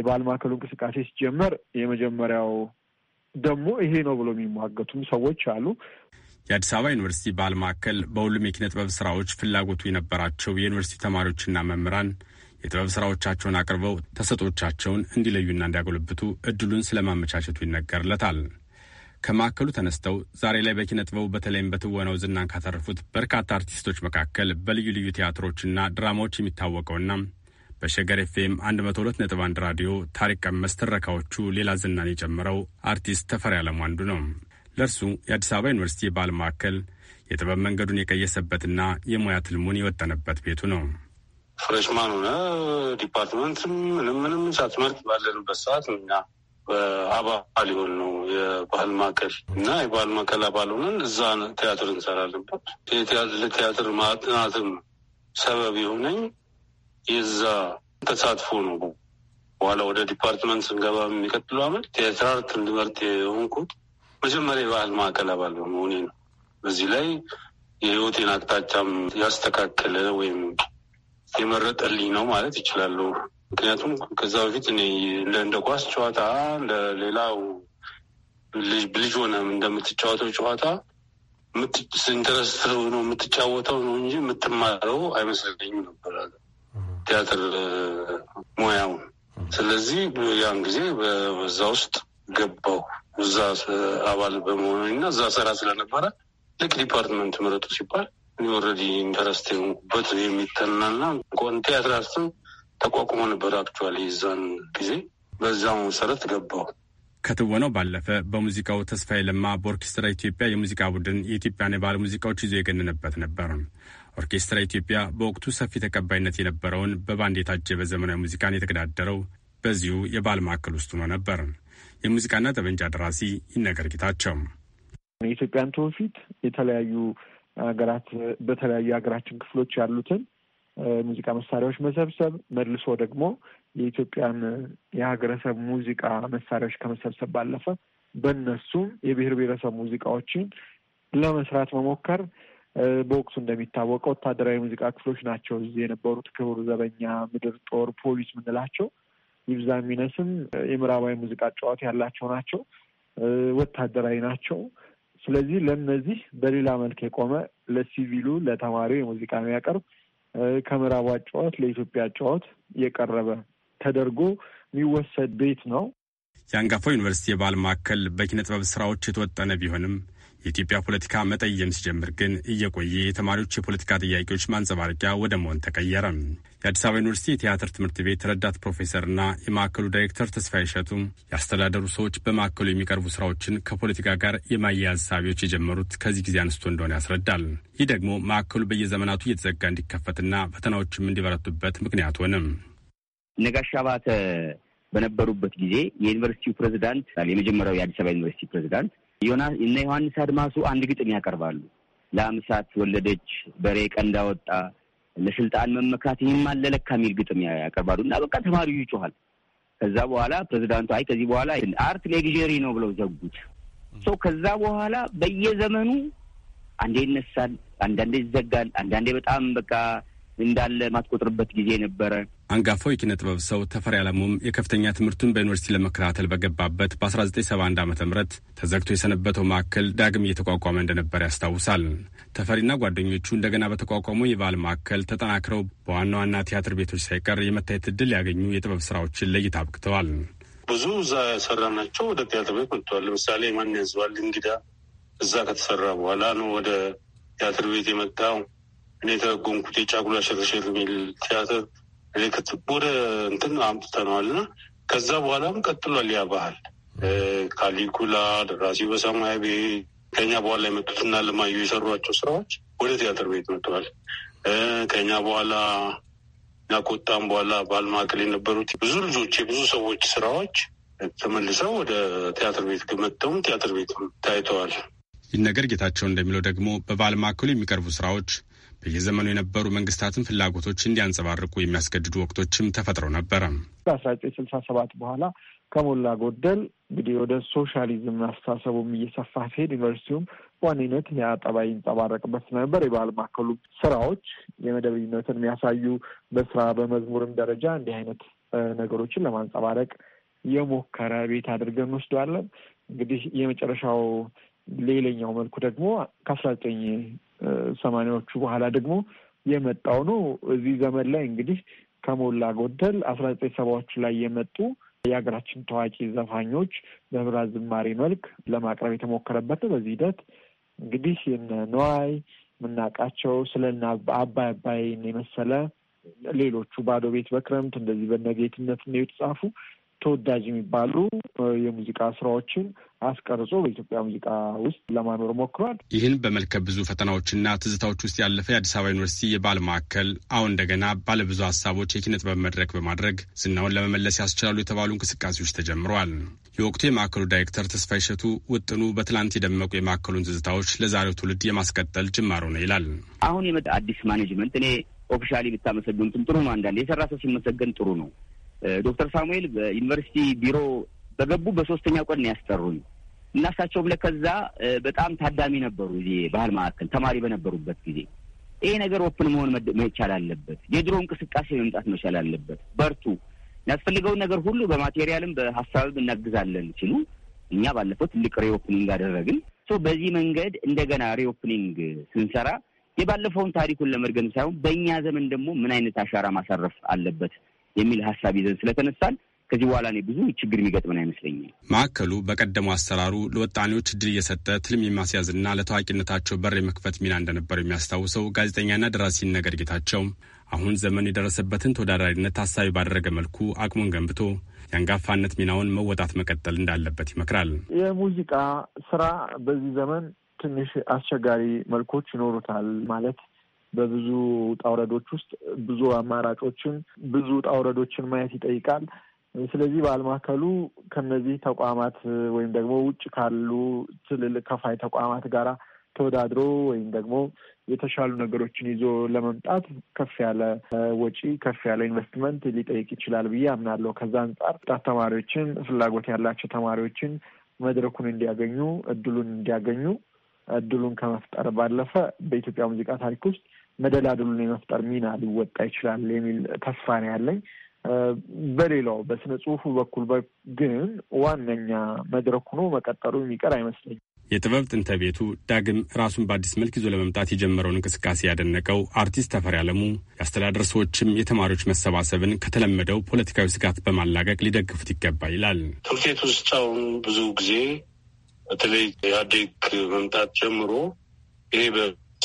የባህል ማዕከሉ እንቅስቃሴ ሲጀመር የመጀመሪያው ደግሞ ይሄ ነው ብሎ የሚሟገቱም ሰዎች አሉ። የአዲስ አበባ ዩኒቨርሲቲ ባህል ማዕከል በሁሉም የኪነ ጥበብ ስራዎች ፍላጎቱ የነበራቸው የዩኒቨርሲቲ ተማሪዎችና መምህራን የጥበብ ስራዎቻቸውን አቅርበው ተሰጦቻቸውን እንዲለዩና እንዲያጎለብቱ እድሉን ስለማመቻቸቱ ይነገርለታል። ከማዕከሉ ተነስተው ዛሬ ላይ በኪነ ጥበቡ በተለይም በትወናው ዝናን ካተረፉት በርካታ አርቲስቶች መካከል በልዩ ልዩ ቲያትሮችና ድራማዎች የሚታወቀውና በሸገር ኤፍኤም 1 ራዲዮ ታሪክ ቀመስ ትረካዎቹ ሌላ ዝናን የጨምረው አርቲስት ተፈሪ አለሙ አንዱ ነው። ለእርሱ የአዲስ አበባ ዩኒቨርሲቲ የባህል ማዕከል የጥበብ መንገዱን የቀየሰበትና የሙያ ትልሙን የወጠነበት ቤቱ ነው። ፍሬሽማን ሆነ ዲፓርትመንት ምንም ምንም ሳትመርጥ ባለንበት ሰዓት እኛ አባል ሊሆን ነው የባህል ማዕከል እና የባህል ማዕከል አባል ሆነን እዛ ቲያትር እንሰራለን። ለቲያትር ማጥናትም ሰበብ የሆነኝ የዛ ተሳትፎ ነው። በኋላ ወደ ዲፓርትመንት ስንገባ የሚቀጥለው አመት ቲያትር አርት እንድመርጥ የሆንኩት መጀመሪያ የባህል ማዕከል አባል በመሆኔ ነው። በዚህ ላይ የህይወቴን አቅጣጫም ያስተካከለ ወይም የመረጠልኝ ነው ማለት ይችላሉ። ምክንያቱም ከዛ በፊት እኔ እንደ ኳስ ጨዋታ ለሌላው ልጅ ሆነ እንደምትጫወተው ጨዋታ ኢንተረስት ነው የምትጫወተው ነው እንጂ የምትማረው አይመስለኝም ነበር ቲያትር ሙያውን። ስለዚህ ያን ጊዜ በዛ ውስጥ ገባው። እዛ አባል በመሆኑ እና እዛ ስራ ስለነበረ ልክ ዲፓርትመንት ምረጡ ሲባል ኦልሬዲ ኢንተረስት የሆንኩበት የሚተናና እንኳን ቲያትር ተቋቁሞ ነበር አክቹዋሊ የዛን ጊዜ በዛው መሰረት ገባው። ከትወናው ባለፈ በሙዚቃው ተስፋዬ ለማ በኦርኬስትራ ኢትዮጵያ የሙዚቃ ቡድን የኢትዮጵያን የባህል ሙዚቃዎች ይዞ የገነነበት ነበር። ኦርኬስትራ ኢትዮጵያ በወቅቱ ሰፊ ተቀባይነት የነበረውን በባንድ የታጀበ ዘመናዊ ሙዚቃን የተገዳደረው በዚሁ የባህል ማዕከል ውስጥ ሆኖ ነበር። የሙዚቃና ጠበንጃ ደራሲ ይነገር ጌታቸው የኢትዮጵያን ትውፊት የተለያዩ ሀገራት በተለያዩ የሀገራችን ክፍሎች ያሉትን ሙዚቃ መሳሪያዎች መሰብሰብ መልሶ ደግሞ የኢትዮጵያን የሀገረሰብ ሙዚቃ መሳሪያዎች ከመሰብሰብ ባለፈ በእነሱም የብሔር ብሔረሰብ ሙዚቃዎችን ለመስራት መሞከር በወቅቱ እንደሚታወቀው ወታደራዊ ሙዚቃ ክፍሎች ናቸው እዚህ የነበሩት ክቡር ዘበኛ፣ ምድር ጦር፣ ፖሊስ ምንላቸው ይብዛ የሚነስም የምዕራባዊ ሙዚቃ ጨዋታ ያላቸው ናቸው፣ ወታደራዊ ናቸው። ስለዚህ ለእነዚህ በሌላ መልክ የቆመ ለሲቪሉ ለተማሪው የሙዚቃ የሚያቀርብ ከምዕራቡ ጨዋት ለኢትዮጵያ ጨዋት የቀረበ ተደርጎ የሚወሰድ ቤት ነው። የአንጋፋው ዩኒቨርሲቲ የባህል ማዕከል በኪነ ጥበብ ስራዎች የተወጠነ ቢሆንም የኢትዮጵያ ፖለቲካ መጠየም ሲጀምር ግን እየቆየ የተማሪዎች የፖለቲካ ጥያቄዎች ማንጸባረቂያ ወደ መሆን ተቀየረ። የአዲስ አበባ ዩኒቨርሲቲ የቲያትር ትምህርት ቤት ረዳት ፕሮፌሰርና የማዕከሉ ዳይሬክተር ተስፋ ይሸቱ ያስተዳደሩ ሰዎች በማዕከሉ የሚቀርቡ ስራዎችን ከፖለቲካ ጋር የማያያዝ ሳቢዎች የጀመሩት ከዚህ ጊዜ አንስቶ እንደሆነ ያስረዳል። ይህ ደግሞ ማዕከሉ በየዘመናቱ እየተዘጋ እንዲከፈትና ፈተናዎችም እንዲበረቱበት ምክንያት ሆንም። ነጋሻ አባተ በነበሩበት ጊዜ የዩኒቨርሲቲው ፕሬዚዳንት የመጀመሪያው የአዲስ አበባ ዩኒቨርሲቲ ፕሬዚዳንት እነ ዮሐንስ አድማሱ አንድ ግጥም ያቀርባሉ። ለአምሳት ወለደች በሬ ቀንዳ ወጣ፣ ለስልጣን መመካት ይህም አለለካ የሚል ግጥም ያቀርባሉ እና በቃ ተማሪው ይጮኋል። ከዛ በኋላ ፕሬዚዳንቱ አይ ከዚህ በኋላ አርት ሌግዥሪ ነው ብለው ዘጉት። ሰው ከዛ በኋላ በየዘመኑ አንዴ ይነሳል፣ አንዳንዴ ይዘጋል፣ አንዳንዴ በጣም በቃ እንዳለ ማትቆጥርበት ጊዜ ነበረ። አንጋፋው የኪነ ጥበብ ሰው ተፈሪ አለሙም የከፍተኛ ትምህርቱን በዩኒቨርሲቲ ለመከታተል በገባበት በ1971 ዓ ም ተዘግቶ የሰነበተው ማዕከል ዳግም እየተቋቋመ እንደነበረ ያስታውሳል። ተፈሪና ጓደኞቹ እንደገና በተቋቋሙ የባህል ማዕከል ተጠናክረው በዋና ዋና ቲያትር ቤቶች ሳይቀር የመታየት እድል ያገኙ የጥበብ ስራዎችን ለእይታ አብቅተዋል። ብዙ እዛ ናቸው ወደ ቲያትር ቤት መጥተዋል። ለምሳሌ ማን ያዝባል እንግዳ እዛ ከተሰራ በኋላ ነው ወደ ቲያትር ቤት የመጣው። እኔ የተረጎምኩት የጫጉላ ሽርሽር የሚል ቲያትር ምልክት ወደ እንትን አምጥተነዋል እና ከዛ በኋላም ቀጥሏል። ያ ባህል ካሊኩላ፣ ደራሲ በሰማያ ቤ ከኛ በኋላ የመጡትና ለማዩ የሰሯቸው ስራዎች ወደ ቲያትር ቤት መጥተዋል። ከኛ በኋላ ናቆጣም በኋላ ባል ማዕከል የነበሩት ብዙ ልጆች የብዙ ሰዎች ስራዎች ተመልሰው ወደ ቲያትር ቤት መጥተውም ቲያትር ቤት ታይተዋል። ይህ ነገር ጌታቸው እንደሚለው ደግሞ በባህል ማዕከሉ የሚቀርቡ ስራዎች በየዘመኑ የነበሩ መንግስታትን ፍላጎቶች እንዲያንጸባርቁ የሚያስገድዱ ወቅቶችም ተፈጥረው ነበረ። በአስራ ዘጠኝ ስልሳ ሰባት በኋላ ከሞላ ጎደል እንግዲህ ወደ ሶሻሊዝም አስተሳሰቡም እየሰፋ ሲሄድ ዩኒቨርሲቲውም በዋነኝነት ያ ጠባይ ይንጸባረቅበት ስለነበር የባህል ማዕከሉ ስራዎች የመደበኝነትን የሚያሳዩ በስራ በመዝሙርም ደረጃ እንዲህ አይነት ነገሮችን ለማንጸባረቅ የሞከረ ቤት አድርገን እንወስደዋለን። እንግዲህ የመጨረሻው ሌላኛው መልኩ ደግሞ ከአስራ ዘጠኝ ሰማኒያዎቹ በኋላ ደግሞ የመጣው ነው። እዚህ ዘመን ላይ እንግዲህ ከሞላ ጎደል አስራ ዘጠኝ ሰባዎቹ ላይ የመጡ የሀገራችን ታዋቂ ዘፋኞች በህብራት ዝማሬ መልክ ለማቅረብ የተሞከረበት ነው። በዚህ ሂደት እንግዲህ ነዋይ የምናውቃቸው ስለና አባይ አባይን የመሰለ ሌሎቹ ባዶ ቤት በክረምት እንደዚህ በነጌትነት ነው የተጻፉ ተወዳጅ የሚባሉ የሙዚቃ ስራዎችን አስቀርጾ በኢትዮጵያ ሙዚቃ ውስጥ ለማኖር ሞክሯል። ይህን በመልከ ብዙ ፈተናዎችና ትዝታዎች ውስጥ ያለፈ የአዲስ አበባ ዩኒቨርሲቲ የባህል ማዕከል አሁን እንደገና ባለብዙ ሀሳቦች የኪነ ጥበብ መድረክ በማድረግ ዝናውን ለመመለስ ያስችላሉ የተባሉ እንቅስቃሴዎች ተጀምረዋል። የወቅቱ የማዕከሉ ዳይሬክተር ተስፋ ይሸቱ ውጥኑ በትላንት የደመቁ የማዕከሉን ትዝታዎች ለዛሬው ትውልድ የማስቀጠል ጅማሮ ነው ይላል። አሁን የመጣ አዲስ ማኔጅመንት እኔ ኦፊሻሊ ብታመሰግኑትም ጥሩ ነው። አንዳንድ የሰራ ሰው ሲመሰገን ጥሩ ነው። ዶክተር ሳሙኤል በዩኒቨርሲቲ ቢሮ በገቡ በሶስተኛ ቀን ነው ያስጠሩኝ እና ለከዛ በጣም ታዳሚ ነበሩ። እዚህ ባህል ማዕከል ተማሪ በነበሩበት ጊዜ ይሄ ነገር ኦፕን መሆን መቻል አለበት። የድሮ እንቅስቃሴ መምጣት መቻል አለበት። በርቱ፣ የሚያስፈልገውን ነገር ሁሉ በማቴሪያልም በሀሳብም እናግዛለን ሲሉ እኛ ባለፈው ትልቅ ሪኦፕኒንግ አደረግን። በዚህ መንገድ እንደገና ሪኦፕኒንግ ስንሰራ የባለፈውን ታሪኩን ለመድገም ሳይሆን በእኛ ዘመን ደግሞ ምን አይነት አሻራ ማሳረፍ አለበት የሚል ሀሳብ ይዘን ስለተነሳል ከዚህ በኋላ እኔ ብዙ ችግር የሚገጥመን አይመስለኛል። ማዕከሉ በቀደሙ አሰራሩ ለወጣኔዎች እድል እየሰጠ ትልም የማስያዝና ለታዋቂነታቸው በር የመክፈት ሚና እንደነበረው የሚያስታውሰው ጋዜጠኛና ደራሲ ነገር ጌታቸው አሁን ዘመን የደረሰበትን ተወዳዳሪነት ታሳቢ ባደረገ መልኩ አቅሙን ገንብቶ የአንጋፋነት ሚናውን መወጣት መቀጠል እንዳለበት ይመክራል። የሙዚቃ ስራ በዚህ ዘመን ትንሽ አስቸጋሪ መልኮች ይኖሩታል ማለት በብዙ ጣውረዶች ውስጥ ብዙ አማራጮችን ብዙ ጣውረዶችን ማየት ይጠይቃል። ስለዚህ ባለማከሉ ከነዚህ ተቋማት ወይም ደግሞ ውጭ ካሉ ትልልቅ ከፋይ ተቋማት ጋራ ተወዳድሮ ወይም ደግሞ የተሻሉ ነገሮችን ይዞ ለመምጣት ከፍ ያለ ወጪ ከፍ ያለ ኢንቨስትመንት ሊጠይቅ ይችላል ብዬ አምናለሁ። ከዛ አንጻር ወጣት ተማሪዎችን ፍላጎት ያላቸው ተማሪዎችን መድረኩን እንዲያገኙ እድሉን እንዲያገኙ እድሉን ከመፍጠር ባለፈ በኢትዮጵያ ሙዚቃ ታሪክ ውስጥ መደላድሉን የመፍጠር ሚና ሊወጣ ይችላል የሚል ተስፋ ነው ያለኝ። በሌላው በስነ ጽሁፉ በኩል ግን ዋነኛ መድረክ ሆኖ መቀጠሉ የሚቀር አይመስለኝም። የጥበብ ጥንተ ቤቱ ዳግም ራሱን በአዲስ መልክ ይዞ ለመምጣት የጀመረውን እንቅስቃሴ ያደነቀው አርቲስት ተፈሪ አለሙ የአስተዳደር ሰዎችም የተማሪዎች መሰባሰብን ከተለመደው ፖለቲካዊ ስጋት በማላቀቅ ሊደግፉት ይገባ ይላል። ትምህርት ቤት ውስጥ አሁን ብዙ ጊዜ በተለይ ኢህአዴግ መምጣት ጀምሮ ይሄ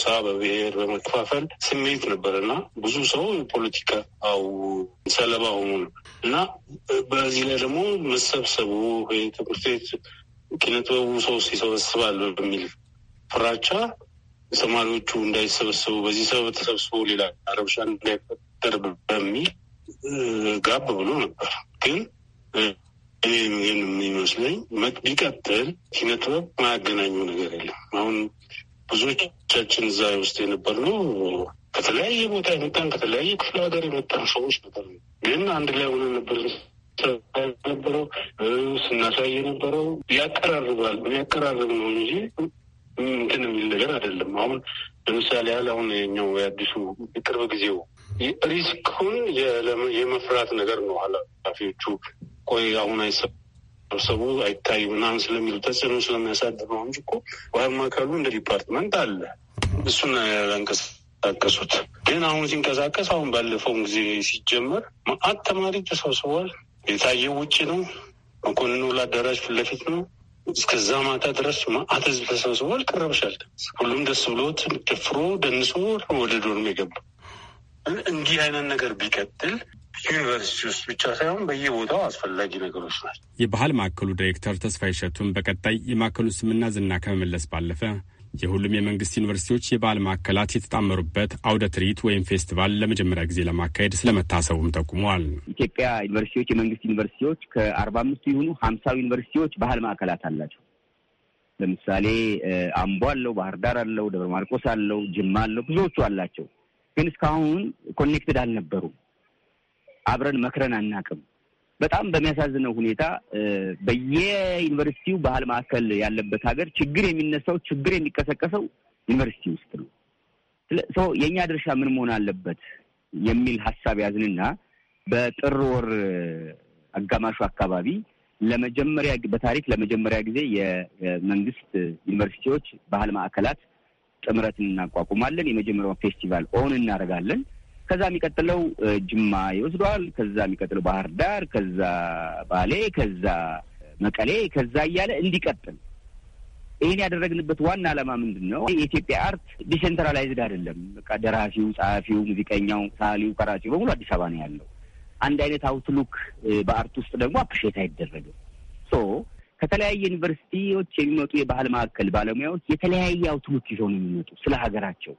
ሳ በብሔር በመከፋፈል ስሜት ነበር እና ብዙ ሰው የፖለቲካው ሰለባ ሆኑ ነው እና በዚህ ላይ ደግሞ መሰብሰቡ ትምህርት ቤት ኪነጥበቡ ሰው ይሰበስባል በሚል ፍራቻ ተማሪዎቹ እንዳይሰበሰቡ በዚህ ሰበብ ተሰብስቦ ሌላ ረብሻ እንዳይፈጠር በሚል ጋብ ብሎ ነበር። ግን እኔ የሚመስለኝ ቢቀጥል ኪነጥበብ ማያገናኙ ነገር የለም አሁን ብዙዎቻችን እዛ ውስጥ የነበር ነው። ከተለያየ ቦታ የመጣን ከተለያየ ክፍለ ሀገር የመጣን ሰዎች ነበር። ግን አንድ ላይ ሆነ ነበር ነበረው ስናሳይ የነበረው ያቀራርባል ያቀራርብ ነው እንጂ እንትን የሚል ነገር አይደለም። አሁን ለምሳሌ ያህል አሁን የኛው የአዲሱ የቅርብ ጊዜው ሪስኩን የመፍራት ነገር ነው ኃላፊዎቹ ቆይ አሁን አይሰ ሰብሰቡ አይታዩ ምናምን ስለሚሉ ተጽዕኖ ስለሚያሳድር ነው እንጂ እኮ አካሉ እንደ ዲፓርትመንት አለ። እሱን ያንቀሳቀሱት ግን አሁን ሲንቀሳቀስ አሁን ባለፈውን ጊዜ ሲጀመር መአት ተማሪ ተሰብስቧል። የታየው ውጭ ነው። መኮንኑ ለአዳራሽ ፊት ለፊት ነው። እስከዛ ማታ ድረስ መአት ህዝብ ተሰብስቧል። ቀረብሻል። ሁሉም ደስ ብሎት ደፍሮ ደንሶ ወደ ዶርም የገባ እንዲህ አይነት ነገር ቢቀጥል ዩኒቨርሲቲ ውስጥ ብቻ ሳይሆን በየቦታው አስፈላጊ ነገሮች ናቸው። የባህል ማዕከሉ ዳይሬክተር ተስፋ ሸቱን በቀጣይ የማዕከሉ ስምና ዝና ከመመለስ ባለፈ የሁሉም የመንግስት ዩኒቨርሲቲዎች የባህል ማዕከላት የተጣመሩበት አውደ ትርኢት ወይም ፌስቲቫል ለመጀመሪያ ጊዜ ለማካሄድ ስለመታሰቡም ጠቁመዋል። ኢትዮጵያ ዩኒቨርሲቲዎች የመንግስት ዩኒቨርሲቲዎች ከአርባ አምስቱ የሆኑ ሀምሳው ዩኒቨርሲቲዎች ባህል ማዕከላት አላቸው። ለምሳሌ አምቦ አለው፣ ባህር ዳር አለው፣ ደብረ ማርቆስ አለው፣ ጅማ አለው፣ ብዙዎቹ አላቸው። ግን እስካሁን ኮኔክትድ አልነበሩም። አብረን መክረን አናቅም። በጣም በሚያሳዝነው ሁኔታ በየዩኒቨርሲቲው ባህል ማዕከል ያለበት ሀገር ችግር የሚነሳው ችግር የሚቀሰቀሰው ዩኒቨርሲቲ ውስጥ ነው። ሰው የእኛ ድርሻ ምን መሆን አለበት የሚል ሀሳብ ያዝንና በጥር ወር አጋማሹ አካባቢ ለመጀመሪያ በታሪክ ለመጀመሪያ ጊዜ የመንግስት ዩኒቨርሲቲዎች ባህል ማዕከላት ጥምረት እናቋቁማለን። የመጀመሪያውን ፌስቲቫል ኦን እናደርጋለን። ከዛ የሚቀጥለው ጅማ ይወስደዋል። ከዛ የሚቀጥለው ባህር ዳር፣ ከዛ ባሌ፣ ከዛ መቀሌ፣ ከዛ እያለ እንዲቀጥል ይህን ያደረግንበት ዋና ዓላማ ምንድን ነው? የኢትዮጵያ አርት ዲሴንትራላይዝድ አይደለም። በቃ ደራሲው፣ ጸሐፊው፣ ሙዚቀኛው፣ ሳሊው፣ ቀራጺው በሙሉ አዲስ አበባ ነው ያለው። አንድ አይነት አውትሉክ በአርት ውስጥ ደግሞ አፕሬት አይደረግም። ሶ ከተለያየ ዩኒቨርሲቲዎች የሚመጡ የባህል ማዕከል ባለሙያዎች የተለያየ አውትሉክ ይዘው ነው የሚመጡ ስለ ሀገራቸው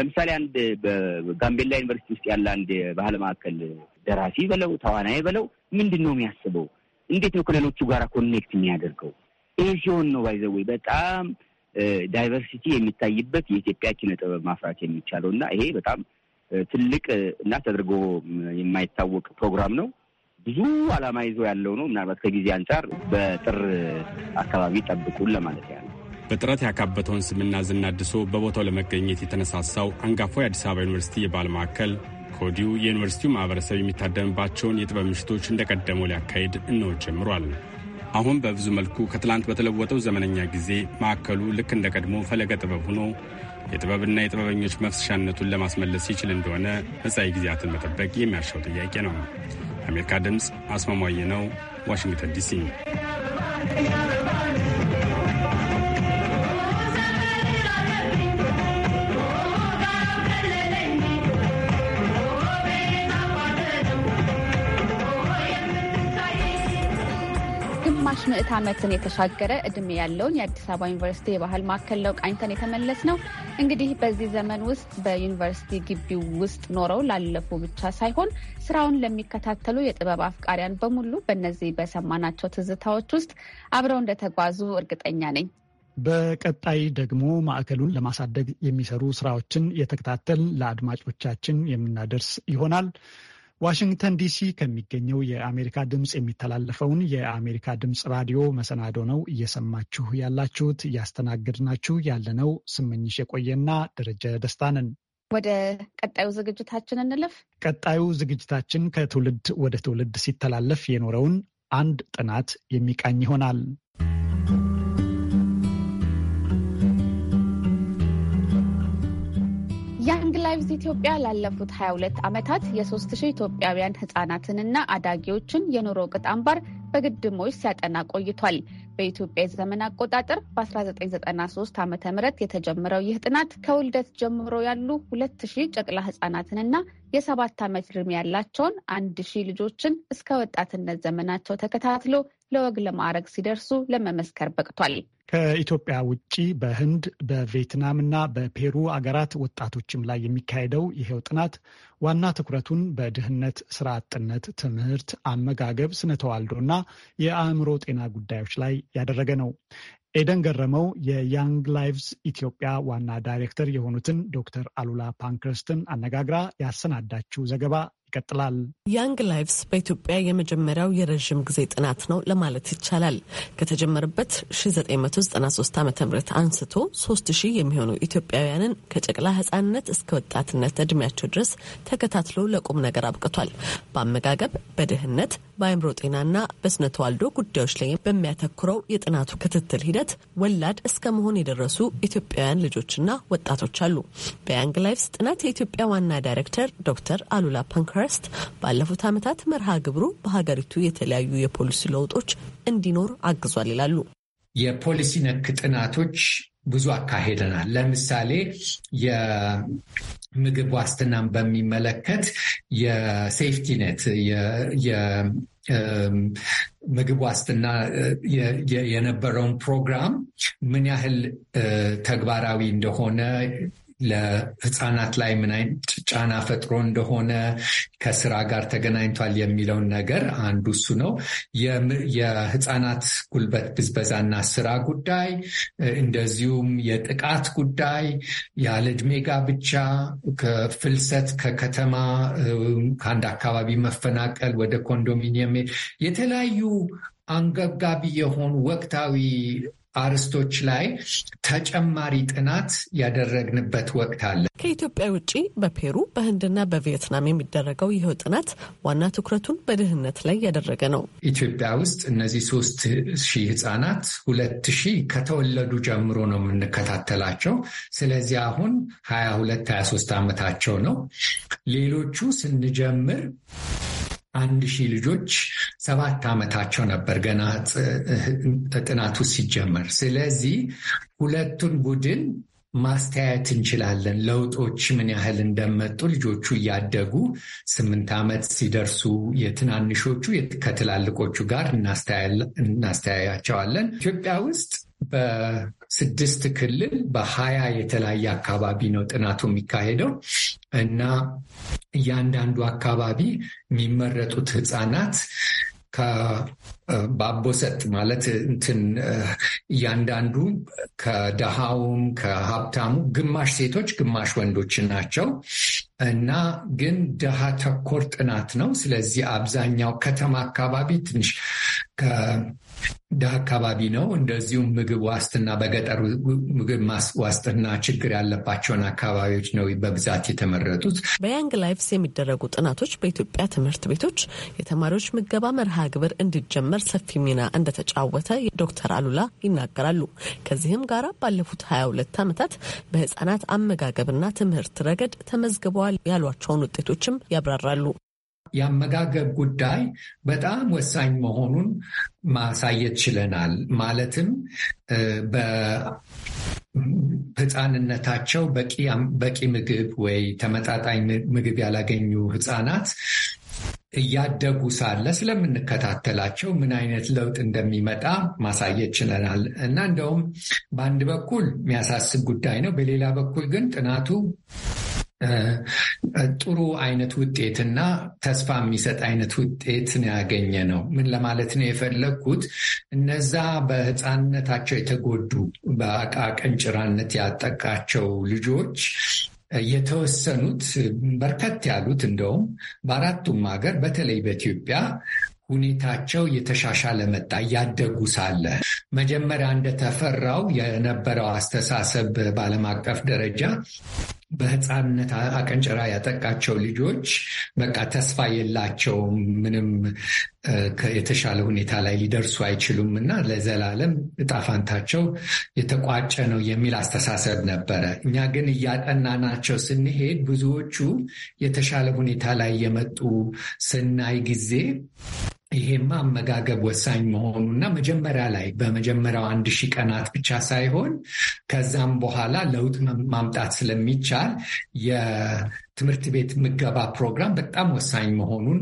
ለምሳሌ አንድ በጋምቤላ ዩኒቨርሲቲ ውስጥ ያለ አንድ የባህል ማዕከል ደራሲ በለው ተዋናይ በለው ምንድን ነው የሚያስበው? እንዴት ነው ከሌሎቹ ጋር ኮኔክት የሚያደርገው? ይህ ሲሆን ነው ባይዘወይ በጣም ዳይቨርሲቲ የሚታይበት የኢትዮጵያ ኪነ ጥበብ ማፍራት የሚቻለው እና ይሄ በጣም ትልቅ እና ተደርጎ የማይታወቅ ፕሮግራም ነው። ብዙ አላማ ይዞ ያለው ነው። ምናልባት ከጊዜ አንጻር በጥር አካባቢ ጠብቁን ለማለት ያለ በጥረት ያካበተውን ስምና ዝና አድሶ በቦታው ለመገኘት የተነሳሳው አንጋፋው የአዲስ አበባ ዩኒቨርሲቲ የባህል ማዕከል ከወዲሁ የዩኒቨርሲቲው ማህበረሰብ የሚታደምባቸውን የጥበብ ምሽቶች እንደቀደመው ሊያካሄድ እነሆ ጀምሯል። አሁን በብዙ መልኩ ከትላንት በተለወጠው ዘመነኛ ጊዜ ማዕከሉ ልክ እንደ ቀድሞ ፈለገ ጥበብ ሆኖ የጥበብና የጥበበኞች መፍሰሻነቱን ለማስመለስ ይችል እንደሆነ መጻኢ ጊዜያትን መጠበቅ የሚያሻው ጥያቄ ነው። የአሜሪካ ድምፅ አስማማየ ነው፣ ዋሽንግተን ዲሲ ከግማሽ ምዕት ዓመትን የተሻገረ እድሜ ያለውን የአዲስ አበባ ዩኒቨርሲቲ የባህል ማዕከል ለው ቃኝተን የተመለስ ነው። እንግዲህ በዚህ ዘመን ውስጥ በዩኒቨርሲቲ ግቢው ውስጥ ኖረው ላለፉ ብቻ ሳይሆን ስራውን ለሚከታተሉ የጥበብ አፍቃሪያን በሙሉ በእነዚህ በሰማናቸው ትዝታዎች ውስጥ አብረው እንደተጓዙ እርግጠኛ ነኝ። በቀጣይ ደግሞ ማዕከሉን ለማሳደግ የሚሰሩ ስራዎችን የተከታተል ለአድማጮቻችን የምናደርስ ይሆናል። ዋሽንግተን ዲሲ ከሚገኘው የአሜሪካ ድምፅ የሚተላለፈውን የአሜሪካ ድምፅ ራዲዮ መሰናዶ ነው እየሰማችሁ ያላችሁት። እያስተናገድናችሁ ያለነው ስመኝሽ የቆየና ደረጀ ደስታ ነን። ወደ ቀጣዩ ዝግጅታችን እንለፍ። ቀጣዩ ዝግጅታችን ከትውልድ ወደ ትውልድ ሲተላለፍ የኖረውን አንድ ጥናት የሚቃኝ ይሆናል። ያንግ ላይቭዝ ኢትዮጵያ ላለፉት 22 ዓመታት የ3000 ኢትዮጵያውያን ህጻናትንና አዳጊዎችን የኑሮ ቅጥ አምባር በግድሞች ሲያጠና ቆይቷል። በኢትዮጵያ የዘመን አቆጣጠር በ1993 ዓ ም የተጀመረው ይህ ጥናት ከውልደት ጀምሮ ያሉ 2000 ጨቅላ ህጻናትንና የሰባት ዓመት ዕድሜ ያላቸውን 1000 ልጆችን እስከ ወጣትነት ዘመናቸው ተከታትሎ ለወግ ለማዕረግ ሲደርሱ ለመመስከር በቅቷል። ከኢትዮጵያ ውጭ በህንድ በቬትናም እና በፔሩ አገራት ወጣቶችም ላይ የሚካሄደው ይሄው ጥናት ዋና ትኩረቱን በድህነት፣ ስራ አጥነት፣ ትምህርት፣ አመጋገብ፣ እና የአእምሮ ጤና ጉዳዮች ላይ ያደረገ ነው። ኤደን ገረመው የያንግ ላይቭስ ኢትዮጵያ ዋና ዳይሬክተር የሆኑትን ዶክተር አሉላ ፓንክረስትን አነጋግራ ያሰናዳችው ዘገባ ይቀጥላል። ያንግ ላይቭስ በኢትዮጵያ የመጀመሪያው የረዥም ጊዜ ጥናት ነው ለማለት ይቻላል። ከተጀመረበት 1993 ዓ ም አንስቶ 3000 የሚሆኑ ኢትዮጵያውያንን ከጨቅላ ህጻንነት እስከ ወጣትነት እድሜያቸው ድረስ ተከታትሎ ለቁም ነገር አብቅቷል። በአመጋገብ፣ በድህነት፣ በአእምሮ ጤናና በስነ ተዋልዶ ጉዳዮች ላይ በሚያተኩረው የጥናቱ ክትትል ሂደት ወላድ እስከ መሆን የደረሱ ኢትዮጵያውያን ልጆችና ወጣቶች አሉ። በያንግ ላይቭስ ጥናት የኢትዮጵያ ዋና ዳይሬክተር ዶክተር አሉላ ፓንክረ ፎረስት ባለፉት ዓመታት መርሃ ግብሩ በሀገሪቱ የተለያዩ የፖሊሲ ለውጦች እንዲኖር አግዟል ይላሉ። የፖሊሲ ነክ ጥናቶች ብዙ አካሄደናል። ለምሳሌ የምግብ ዋስትናን በሚመለከት የሴፍቲ ኔት ምግብ ዋስትና የነበረውን ፕሮግራም ምን ያህል ተግባራዊ እንደሆነ ለሕፃናት ላይ ምን አይነት ጫና ፈጥሮ እንደሆነ ከስራ ጋር ተገናኝቷል የሚለውን ነገር አንዱ እሱ ነው። የህፃናት ጉልበት ብዝበዛና ስራ ጉዳይ፣ እንደዚሁም የጥቃት ጉዳይ፣ ያለ ዕድሜ ጋብቻ፣ ፍልሰት፣ ከከተማ ከአንድ አካባቢ መፈናቀል ወደ ኮንዶሚኒየም የተለያዩ አንገብጋቢ የሆኑ ወቅታዊ አርስቶች ላይ ተጨማሪ ጥናት ያደረግንበት ወቅት አለ። ከኢትዮጵያ ውጭ በፔሩ በህንድና በቪየትናም የሚደረገው ይኸው ጥናት ዋና ትኩረቱን በድህነት ላይ ያደረገ ነው። ኢትዮጵያ ውስጥ እነዚህ ሶስት ሺህ ህጻናት ሁለት ሺህ ከተወለዱ ጀምሮ ነው የምንከታተላቸው። ስለዚህ አሁን ሀያ ሁለት ሀያ ሶስት ዓመታቸው ነው። ሌሎቹ ስንጀምር አንድ ሺህ ልጆች ሰባት ዓመታቸው ነበር ገና ጥናቱ ሲጀመር። ስለዚህ ሁለቱን ቡድን ማስተያየት እንችላለን። ለውጦች ምን ያህል እንደመጡ ልጆቹ እያደጉ ስምንት ዓመት ሲደርሱ የትናንሾቹ ከትላልቆቹ ጋር እናስተያያቸዋለን። ኢትዮጵያ ውስጥ በስድስት ክልል በሀያ የተለያየ አካባቢ ነው ጥናቱ የሚካሄደው እና እያንዳንዱ አካባቢ የሚመረጡት ህፃናት ከባቦሰጥ ማለት እንትን እያንዳንዱ ከደሃውም ከሀብታሙ ግማሽ ሴቶች ግማሽ ወንዶች ናቸው እና ግን ደሃ ተኮር ጥናት ነው። ስለዚህ አብዛኛው ከተማ አካባቢ ትንሽ ድህ አካባቢ ነው። እንደዚሁም ምግብ ዋስትና በገጠር ምግብ ዋስትና ችግር ያለባቸውን አካባቢዎች ነው በብዛት የተመረጡት። በያንግ ላይፍስ የሚደረጉ ጥናቶች በኢትዮጵያ ትምህርት ቤቶች የተማሪዎች ምገባ መርሃ ግብር እንዲጀመር ሰፊ ሚና እንደተጫወተ ዶክተር አሉላ ይናገራሉ። ከዚህም ጋር ባለፉት 22 ዓመታት በህጻናት አመጋገብና ትምህርት ረገድ ተመዝግበዋል ያሏቸውን ውጤቶችም ያብራራሉ። የአመጋገብ ጉዳይ በጣም ወሳኝ መሆኑን ማሳየት ችለናል። ማለትም በህፃንነታቸው በቂ ምግብ ወይ ተመጣጣኝ ምግብ ያላገኙ ህፃናት እያደጉ ሳለ ስለምንከታተላቸው ምን አይነት ለውጥ እንደሚመጣ ማሳየት ችለናል እና እንደውም በአንድ በኩል የሚያሳስብ ጉዳይ ነው። በሌላ በኩል ግን ጥናቱ ጥሩ አይነት ውጤትና ተስፋ የሚሰጥ አይነት ውጤት ነው ያገኘ ነው። ምን ለማለት ነው የፈለግኩት? እነዛ በህፃንነታቸው የተጎዱ በአቃቀንጭራነት ያጠቃቸው ልጆች የተወሰኑት በርከት ያሉት እንደውም በአራቱም ሀገር በተለይ በኢትዮጵያ ሁኔታቸው እየተሻሻለ መጣ። እያደጉ ሳለ መጀመሪያ እንደተፈራው የነበረው አስተሳሰብ በዓለም አቀፍ ደረጃ በህፃንነት አቀንጨራ ያጠቃቸው ልጆች በቃ ተስፋ የላቸውም፣ ምንም የተሻለ ሁኔታ ላይ ሊደርሱ አይችሉም እና ለዘላለም እጣፋንታቸው የተቋጨ ነው የሚል አስተሳሰብ ነበረ። እኛ ግን እያጠናናቸው ስንሄድ ብዙዎቹ የተሻለ ሁኔታ ላይ የመጡ ስናይ ጊዜ ይሄማ አመጋገብ ወሳኝ መሆኑ እና መጀመሪያ ላይ በመጀመሪያው አንድ ሺህ ቀናት ብቻ ሳይሆን ከዛም በኋላ ለውጥ ማምጣት ስለሚቻል ትምህርት ቤት ምገባ ፕሮግራም በጣም ወሳኝ መሆኑን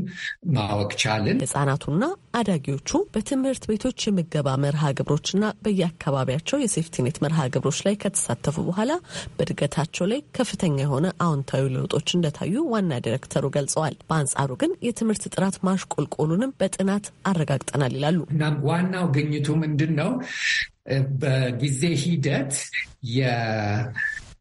ማወቅ ቻልን። ህጻናቱና አዳጊዎቹ በትምህርት ቤቶች የምገባ መርሃ ግብሮችና በየአካባቢያቸው የሴፍቲኔት መርሃ ግብሮች ላይ ከተሳተፉ በኋላ በእድገታቸው ላይ ከፍተኛ የሆነ አዎንታዊ ለውጦች እንደታዩ ዋና ዲሬክተሩ ገልጸዋል። በአንጻሩ ግን የትምህርት ጥራት ማሽቆልቆሉንም በጥናት አረጋግጠናል ይላሉ። እናም ዋናው ግኝቱ ምንድን ነው? በጊዜ ሂደት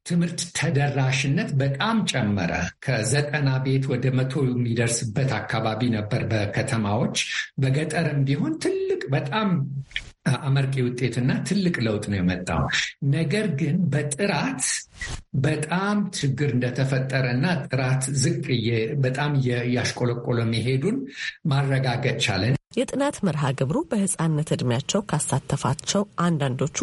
ትምህርት ተደራሽነት በጣም ጨመረ። ከዘጠና ቤት ወደ መቶ የሚደርስበት አካባቢ ነበር በከተማዎች በገጠርም ቢሆን ትልቅ በጣም አመርቂ ውጤትና ትልቅ ለውጥ ነው የመጣው። ነገር ግን በጥራት በጣም ችግር እንደተፈጠረና ጥራት ዝቅ በጣም እያሽቆለቆለ መሄዱን ማረጋገጥ ቻለን። የጥናት መርሃ ግብሩ በህፃነት እድሜያቸው ካሳተፋቸው አንዳንዶቹ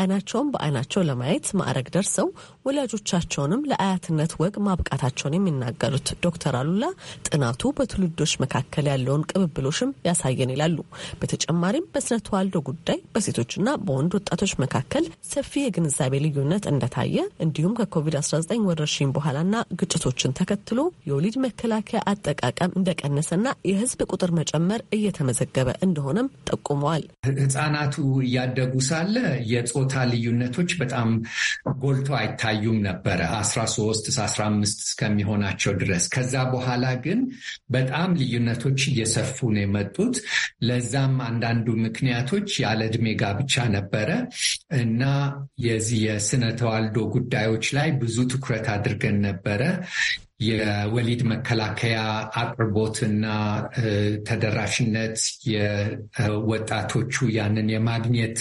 አይናቸውን በአይናቸው ለማየት ማዕረግ ደርሰው ወላጆቻቸውንም ለአያትነት ወግ ማብቃታቸውን የሚናገሩት ዶክተር አሉላ ጥናቱ በትውልዶች መካከል ያለውን ቅብብሎሽም ያሳየን ይላሉ። በተጨማሪም በስነ ተዋልዶ ጉዳይ በሴቶችና በወንድ ወጣቶች መካከል ሰፊ የግንዛቤ ልዩነት እንደታየ እንዲ እንዲሁም ከኮቪድ-19 ወረርሽኝ በኋላና ግጭቶችን ተከትሎ የወሊድ መከላከያ አጠቃቀም እንደቀነሰና የህዝብ ቁጥር መጨመር እየተመዘገበ እንደሆነም ጠቁመዋል። ህጻናቱ እያደጉ ሳለ የጾታ ልዩነቶች በጣም ጎልቶ አይታዩም ነበረ 13 15 እስከሚሆናቸው ድረስ። ከዛ በኋላ ግን በጣም ልዩነቶች እየሰፉ ነው የመጡት። ለዛም አንዳንዱ ምክንያቶች ያለ ዕድሜ ጋብቻ ነበረ እና የዚህ የስነ ተዋልዶ ጉዳይ ጉዳዮች ላይ ብዙ ትኩረት አድርገን ነበረ። የወሊድ መከላከያ አቅርቦትና ተደራሽነት፣ የወጣቶቹ ያንን የማግኘት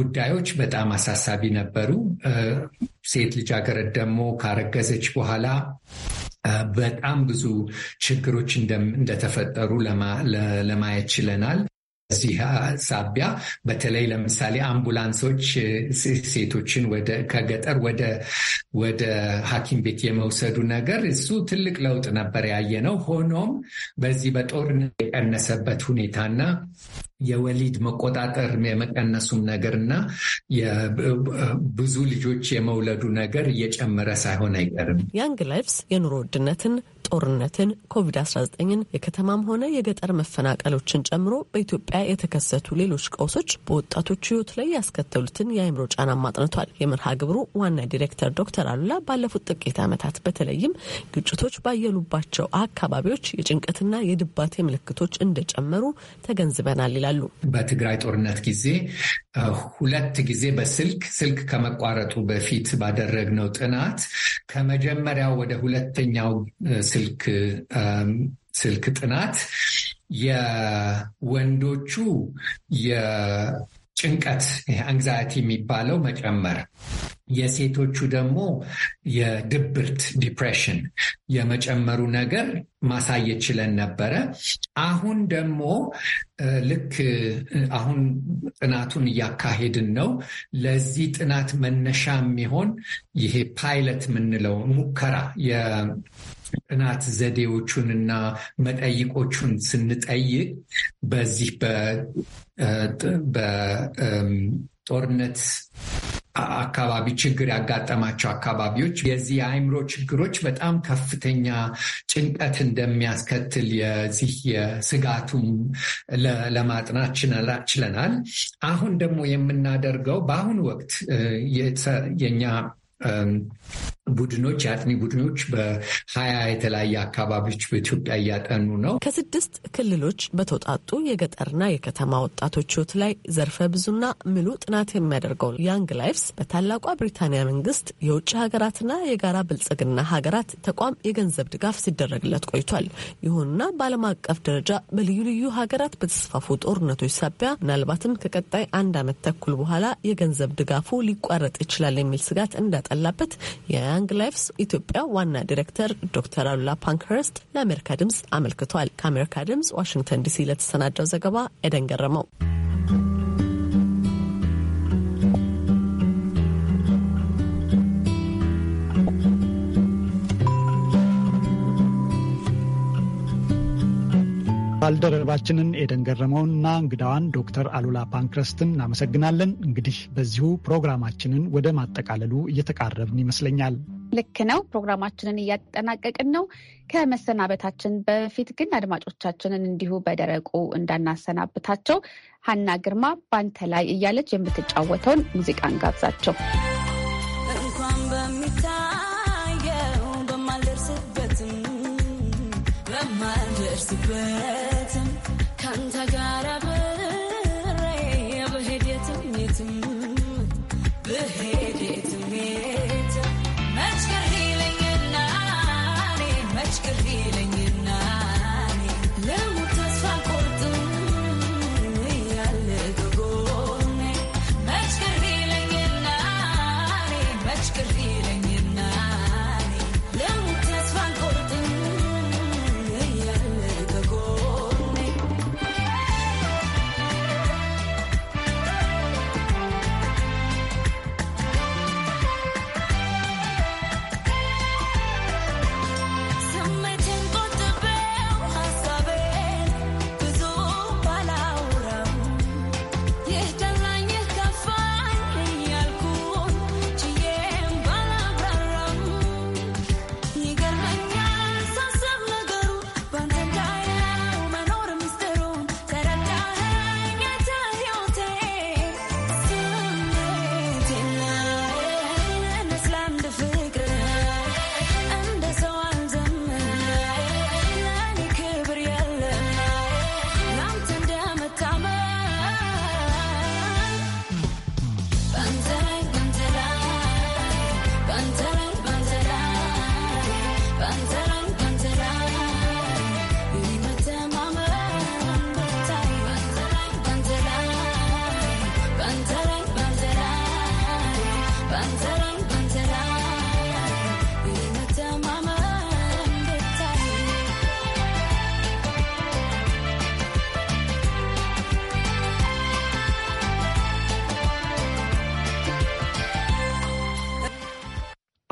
ጉዳዮች በጣም አሳሳቢ ነበሩ። ሴት ልጃገረድ ደግሞ ካረገዘች በኋላ በጣም ብዙ ችግሮች እንደተፈጠሩ ለማየት ችለናል። በዚህ ሳቢያ በተለይ ለምሳሌ አምቡላንሶች ሴቶችን ከገጠር ወደ ሐኪም ቤት የመውሰዱ ነገር እሱ ትልቅ ለውጥ ነበር ያየ ነው። ሆኖም በዚህ በጦርነት የቀነሰበት ሁኔታና የወሊድ መቆጣጠር የመቀነሱም ነገር እና ብዙ ልጆች የመውለዱ ነገር እየጨመረ ሳይሆን አይቀርም። ያንግ ላይፍስ የኑሮ ውድነትን፣ ጦርነትን፣ ኮቪድ-19ን፣ የከተማም ሆነ የገጠር መፈናቀሎችን ጨምሮ በኢትዮጵያ የተከሰቱ ሌሎች ቀውሶች በወጣቶች ሕይወት ላይ ያስከተሉትን የአእምሮ ጫና ማጥንቷል። የመርሃ ግብሩ ዋና ዲሬክተር ዶክተር አሉላ ባለፉት ጥቂት ዓመታት በተለይም ግጭቶች ባየሉባቸው አካባቢዎች የጭንቀትና የድባቴ ምልክቶች እንደጨመሩ ተገንዝበናል ይላል። ይላሉ። በትግራይ ጦርነት ጊዜ ሁለት ጊዜ በስልክ ስልክ ከመቋረጡ በፊት ባደረግነው ጥናት ከመጀመሪያው ወደ ሁለተኛው ስልክ ስልክ ጥናት የወንዶቹ ጭንቀት አንግዛይቲ የሚባለው መጨመር የሴቶቹ ደግሞ የድብርት ዲፕሬሽን የመጨመሩ ነገር ማሳየት ችለን ነበረ። አሁን ደግሞ ልክ አሁን ጥናቱን እያካሄድን ነው። ለዚህ ጥናት መነሻ የሚሆን ይሄ ፓይለት የምንለው ሙከራ የጥናት ዘዴዎቹን እና መጠይቆቹን ስንጠይቅ በዚህ በጦርነት አካባቢ ችግር ያጋጠማቸው አካባቢዎች የዚህ የአእምሮ ችግሮች በጣም ከፍተኛ ጭንቀት እንደሚያስከትል የዚህ የስጋቱም ለማጥናት ችለናል። አሁን ደግሞ የምናደርገው በአሁኑ ወቅት የኛ ቡድኖች የአጥኒ ቡድኖች በሀያ የተለያየ አካባቢዎች በኢትዮጵያ እያጠኑ ነው። ከስድስት ክልሎች በተውጣጡ የገጠርና የከተማ ወጣቶች ህይወት ላይ ዘርፈ ብዙና ምሉ ጥናት የሚያደርገው ያንግ ላይፍስ በታላቋ ብሪታንያ መንግስት የውጭ ሀገራትና የጋራ ብልጽግና ሀገራት ተቋም የገንዘብ ድጋፍ ሲደረግለት ቆይቷል። ይሁንና በዓለም አቀፍ ደረጃ በልዩ ልዩ ሀገራት በተስፋፉ ጦርነቶች ሳቢያ ምናልባትም ከቀጣይ አንድ ዓመት ተኩል በኋላ የገንዘብ ድጋፉ ሊቋረጥ ይችላል የሚል ስጋት እንዳጠላበት ያንግ ላይፍስ ኢትዮጵያ ዋና ዲሬክተር ዶክተር አሉላ ፓንክርስት ለአሜሪካ ድምፅ አመልክቷል። ከአሜሪካ ድምጽ ዋሽንግተን ዲሲ ለተሰናዳው ዘገባ ኤደን ገረመው። ባልደረባችንን ኤደን ገረመውንና እንግዳዋን ዶክተር አሉላ ፓንክረስትን እናመሰግናለን። እንግዲህ በዚሁ ፕሮግራማችንን ወደ ማጠቃለሉ እየተቃረብን ይመስለኛል። ልክ ነው። ፕሮግራማችንን እያጠናቀቅን ነው። ከመሰናበታችን በፊት ግን አድማጮቻችንን እንዲሁ በደረቁ እንዳናሰናብታቸው ሀና ግርማ ባንተ ላይ እያለች የምትጫወተውን ሙዚቃን እንጋብዛቸው። እንኳን በሚታየው በማልደርስበትም በማልደርስበት